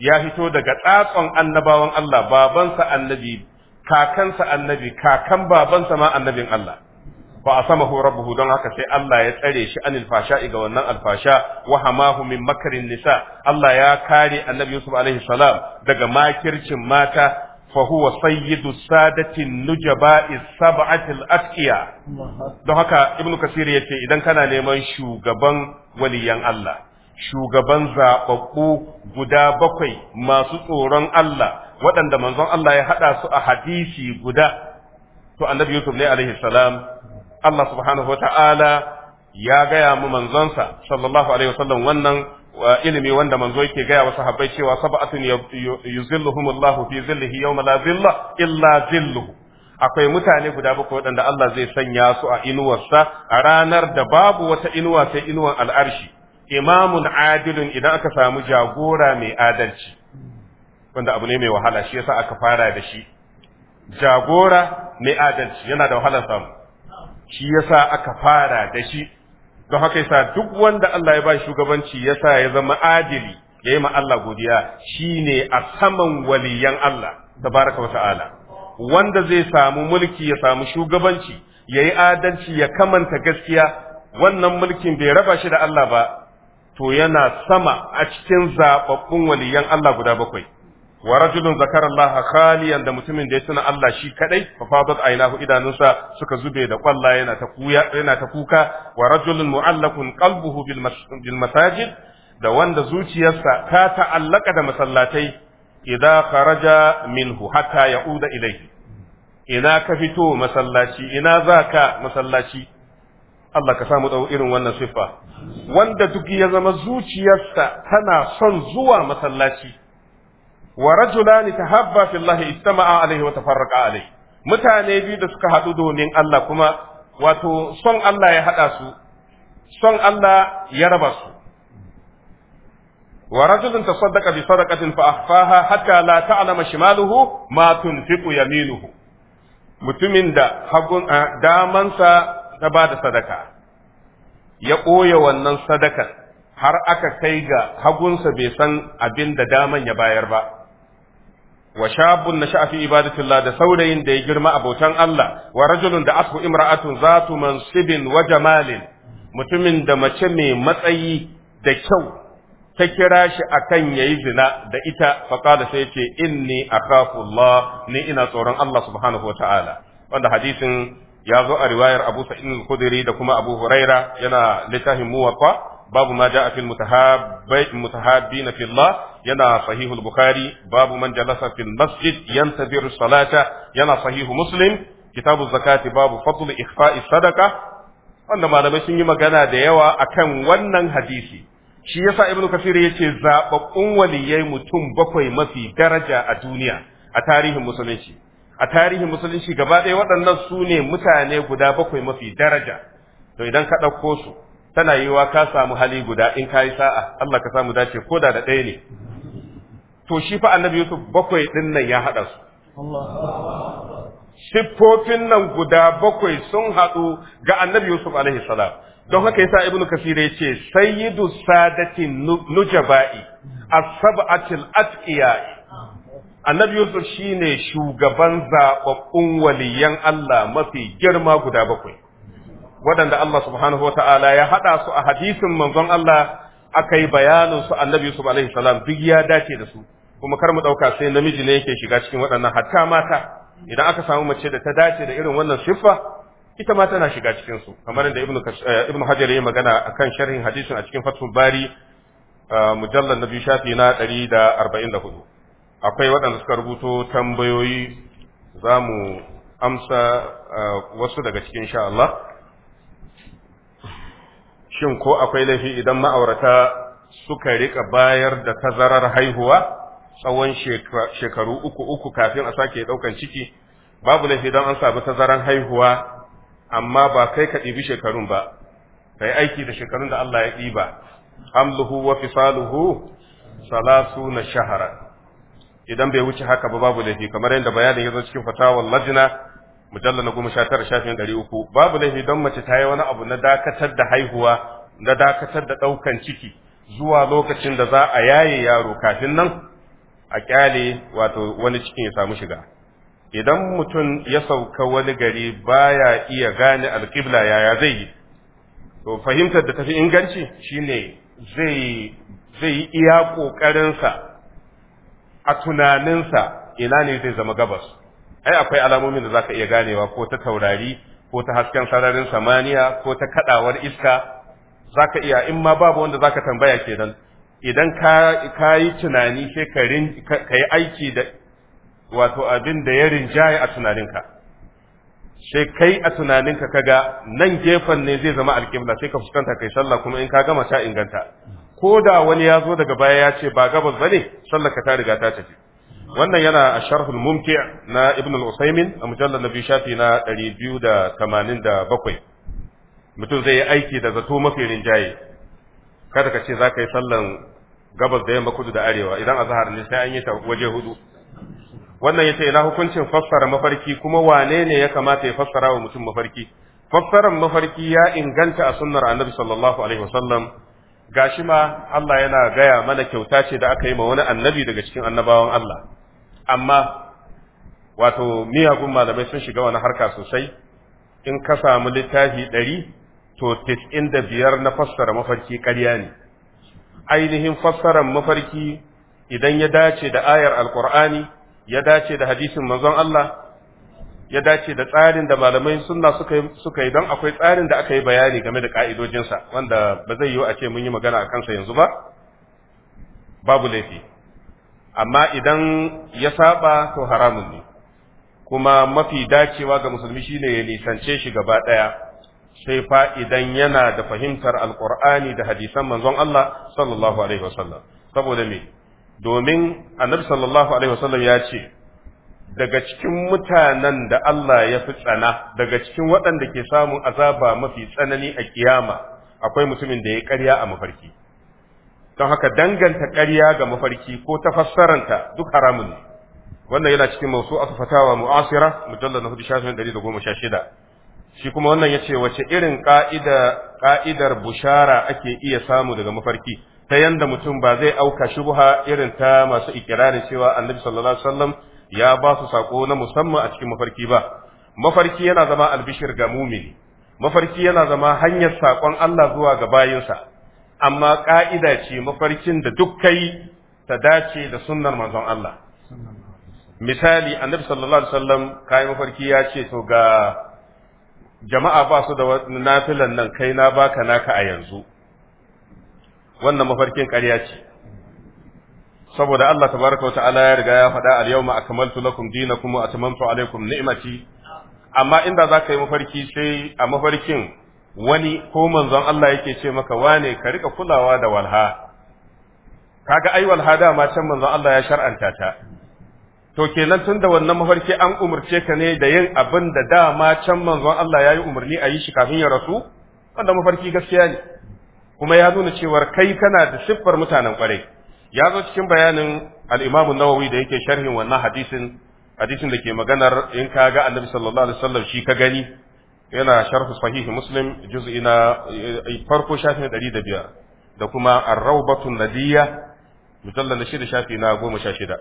ya hito daga tsatson annabawan Allah babansa annabi kakansa annabi kakan babansa ma annabin Allah ba a sama rabbuhu don haka sai Allah ya tsare shi anil fasha ga wannan alfasha wa hamahu min makarin nisa Allah ya kare annabi Yusuf alaihi salam daga makircin mata fahuwa sayyidu sadatin nujaba'i sab'atil atqiya don haka ibnu kasir yace idan kana neman shugaban waliyan Allah shugaban zababbu guda bakwai masu tsoron Allah waɗanda manzon Allah ya hada su a hadisi guda to annabi yusuf ne alaihi salam Allah subhanahu ya gaya mu manzonsa sallallahu alaihi wasallam wannan ilimi wanda manzo yake gaya wa sahabbai cewa sab'atun Allahu fi zillihi yawma la zilla illa zilluhu akwai mutane guda bakwai waɗanda Allah zai sanya su a inuwarsa a ranar da babu wata inuwa sai inuwan al'arshi imamun adilun idan aka samu jagora mai adalci wanda abu ne mai wahala shi yasa aka fara da shi jagora mai adalci yana da wahalar samu shi yasa aka fara da shi don haka yasa duk wanda Allah ya ba shugabanci yasa ya zama adili yayi ma Allah godiya shine a saman waliyan Allah tabaraka wa ta'ala wanda zai samu mulki ya samu shugabanci yayi adalci ya kamanta gaskiya wannan mulkin bai raba shi da Allah ba to yana sama a cikin zababbun waliyan Allah guda bakwai wa rajulun zakara Allah khaliyan da mutumin da ya tuna Allah shi kadai fa fadat ainahu idanunsa suka zube da kwalla yana ta kuya yana ta kuka wa rajulun mu'allakun qalbuhu bil masajid da wanda zuciyarsa ta ta'allaka da masallatai idza kharaja minhu hatta ya'uda ilayhi ina ka fito masallaci ina zaka masallaci Allah ka samu dau irin wannan siffa wanda duk ya zama zuciyarsa tana son zuwa masallaci wa rajulan tahabba Allah istama'a alaihi wa tafarraqa alaihi mutane biyu da suka haɗu domin Allah kuma wato son Allah ya haɗa su son Allah ya raba su wa rajulun tasaddaqa bi sadaqatin fa akhfaha hatta la ta'lama shimaluhu ma tunfiqu yaminuhu mutumin da hagun damansa ta da sadaka ya ɓoye wannan sadakar har aka kai ga hagunsa bai san abin da daman ya bayar ba wa shabun nasha'a fi ibadatillah da saurayin da ya girma abotan Allah wa rajulun da asbu imra'atun zatu mansibin wa jamalin mutumin da mace mai matsayi da kyau ta kira shi akan yayi zina da ita fa qala sai yace inni akhafu Allah ni ina tsoron Allah subhanahu wa ta'ala wanda hadisin ya zo a riwayar Abu Sa'id al-Khudri da kuma Abu Huraira yana littafin muwaffa babu ma ja'a fil mutahabbin fi Allah yana sahihul bukhari babu man jalasa fil masjid yantaziru salata yana sahihu muslim kitabu zakati babu fadl ikhfa'i sadaka wanda malamai sun yi magana da yawa akan wannan hadisi shi yasa ibnu kasir yace zababbun waliyai mutum bakwai mafi daraja a duniya a tarihin musulunci a tarihin musulunci gaba ɗaya waɗannan su ne mutane guda bakwai mafi daraja to idan ka ɗauko su tana wa ka samu hali guda in yi sa'a Allah ka samu dace ko da da ɗaya ne to shi fa annabi Yusuf bakwai ɗin nan ya haɗa su siffofin nan guda bakwai sun haɗu ga annabi Yusuf alaihi salam don haka yasa ibnu kasir ya ce sayyidu sadati nujaba'i as-sab'atil atqiya'i annabi Yusuf shine shugaban zababbun waliyan Allah mafi girma guda bakwai waɗanda Allah subhanahu ta'ala ya haɗa su a hadisin manzon Allah aka yi bayanin su annabi Yusuf alaihi salam duk ya dace da su kuma kar mu ɗauka sai namiji ne yake shiga cikin waɗannan hatta mata idan aka samu mace da ta dace da irin wannan siffa ita ma tana shiga cikin su kamar da ibnu eh, ibnu hajar ya magana akan sharhin hadisin a cikin fathul bari eh, mujallal nabi shafi na hudu. akwai waɗanda suka rubuto tambayoyi za mu amsa eh, wasu daga cikin sha Allah shin ko akwai laifi idan ma'aurata suka rika bayar da tazarar haihuwa tsawon shekaru uku uku kafin a sake ɗaukan ciki babu laifi don an samu tazarar haihuwa amma ba kai ka ɗibi shekarun ba ka yi aiki da shekarun da Allah ya ɗiba Amluhu wa fisaluhu salasu na shahara idan bai wuce haka ba babu laifi kamar yadda bayanin ya zo cikin fatawar lajina mujalla na goma sha tara shafin ɗari uku babu laifi don mace ta yi wani abu na dakatar da haihuwa na dakatar da ɗaukan ciki zuwa lokacin da za a yaye yaro kafin nan a kyale wato wani cikin ya samu shiga idan mutum ya sauka wani gari baya iya gane alƙibla yaya zai yi to fahimtar da tafi inganci shine zai zai yi iya ƙoƙarinsa a tunaninsa ina ne zai zama gabas ai akwai alamomin da zaka iya ganewa ko ta taurari ko ta hasken sararin samaniya ko ta kadawar iska zaka iya in ma babu wanda zaka tambaya kenan idan ka yi tunani sai ka yi aiki da wato abin da ya rinjaye a tunaninka sai kai a tunaninka kaga nan gefen ne zai zama alƙibla sai ka fuskanta kai sallah kuma in ka gama ta inganta ko da wani ya zo daga baya ya ce ba gabas bane sallah ka ta riga ta tafi wannan yana a sharhul mumki na ibn al-usaymin a mujallar na biyu shafi na 287 mutum zai yi aiki da zato mafi rinjaye kada ka ce za ka yi sallan gabas da yamma kudu da arewa idan a zahar ne sai an yi ta waje hudu wannan ya ina hukuncin fassara mafarki kuma wane ne ya kamata ya fassara wa mutum mafarki fassarar mafarki ya inganta a sunnar annabi sallallahu alaihi wasallam gashi ma Allah yana gaya mana kyauta ce da aka yi ma wani annabi daga cikin annabawan Allah amma wato miyagun malamai sun shiga wani harka sosai in ka samu littafi ɗari to tis'in da biyar na fassara mafarki karya ne ainihin fassarar mafarki idan ya dace da ayar alƙur'ani ya dace da hadisin manzon Allah ya dace da tsarin da malamai sunna suka yi don akwai tsarin da aka yi bayani game da ka'idojinsa wanda ba zai yiwu a ce mun yi magana a kansa yanzu ba babu laifi amma idan ya saba to haramun ne kuma mafi dacewa ga musulmi shine ya nisance shi gaba ɗaya sai fa idan yana da fahimtar alqur'ani da hadisan manzon Allah sallallahu alaihi wasallam saboda me domin annabi sallallahu alaihi wasallam ya ce daga cikin mutanen da Allah ya fi tsana daga cikin waɗanda ke samun azaba mafi tsanani a kiyama akwai mutumin da ya karya a mafarki don haka danganta ƙarya ga mafarki ko ta tafassaranta duk haramun ne wannan yana cikin masu asfatawa mu'asira mujallar na hudu shafin ɗari da goma sha shida shi kuma wannan ya ce wace irin ƙa'idar bushara ake iya samu daga mafarki ta yanda mutum ba zai auka shubuha irin ta masu ikirarin cewa annabi sallallahu alaihi wasallam ya ba su sako na musamman a cikin mafarki ba mafarki yana zama albishir ga mumini mafarki yana zama hanyar sakon Allah zuwa ga bayinsa amma ƙa'ida ce mafarkin da duk kai ta dace da sunnar manzon Allah. Misali, annabi sallallahu Alaihi wasallam kayan mafarki ya ce, to ga jama'a ba su da nafilan nan kai na baka naka a yanzu. Wannan mafarkin ƙarya ce. Saboda Allah tabaraka wa ta'ala ya riga ya faɗa al yau akamaltu lakum dinakum wa atmamtu alaikum ni'mati amma inda za ka yi mafarki sai a mafarkin wani ko manzon Allah yake ce maka wane ka rika kulawa da walha kaga ai walha dama can manzon Allah ya shar'anta ta to kenan tun da wannan mafarki an umurce ka ne da yin abin da dama can manzon Allah ya yi umarni a yi shi kafin ya rasu wanda mafarki gaskiya ne kuma ya nuna cewar kai kana da siffar mutanen kwarai ya zo cikin bayanin al-Imam nawawi da yake sharhin wannan hadisin hadisin da ke maganar in ka ga Annabi sallallahu alaihi wasallam shi ka gani yana sharhu sahihi muslim juz'i na farko shafin ɗari da biyar da kuma arraubatun nadiya mujallar da shida shafi na goma sha shida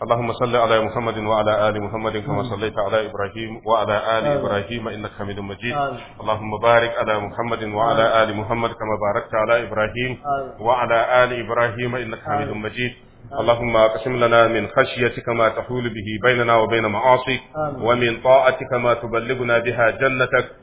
اللهم صل على محمد وعلى آل محمد كما صليت على إبراهيم وعلى آل إبراهيم إنك حميد مجيد اللهم بارك على محمد وعلى آل محمد كما باركت على إبراهيم وعلى آل إبراهيم إنك حميد مجيد اللهم اقسم لنا من خشيتك ما تحول به بيننا وبين معاصيك ومن طاعتك ما تبلغنا بها جنتك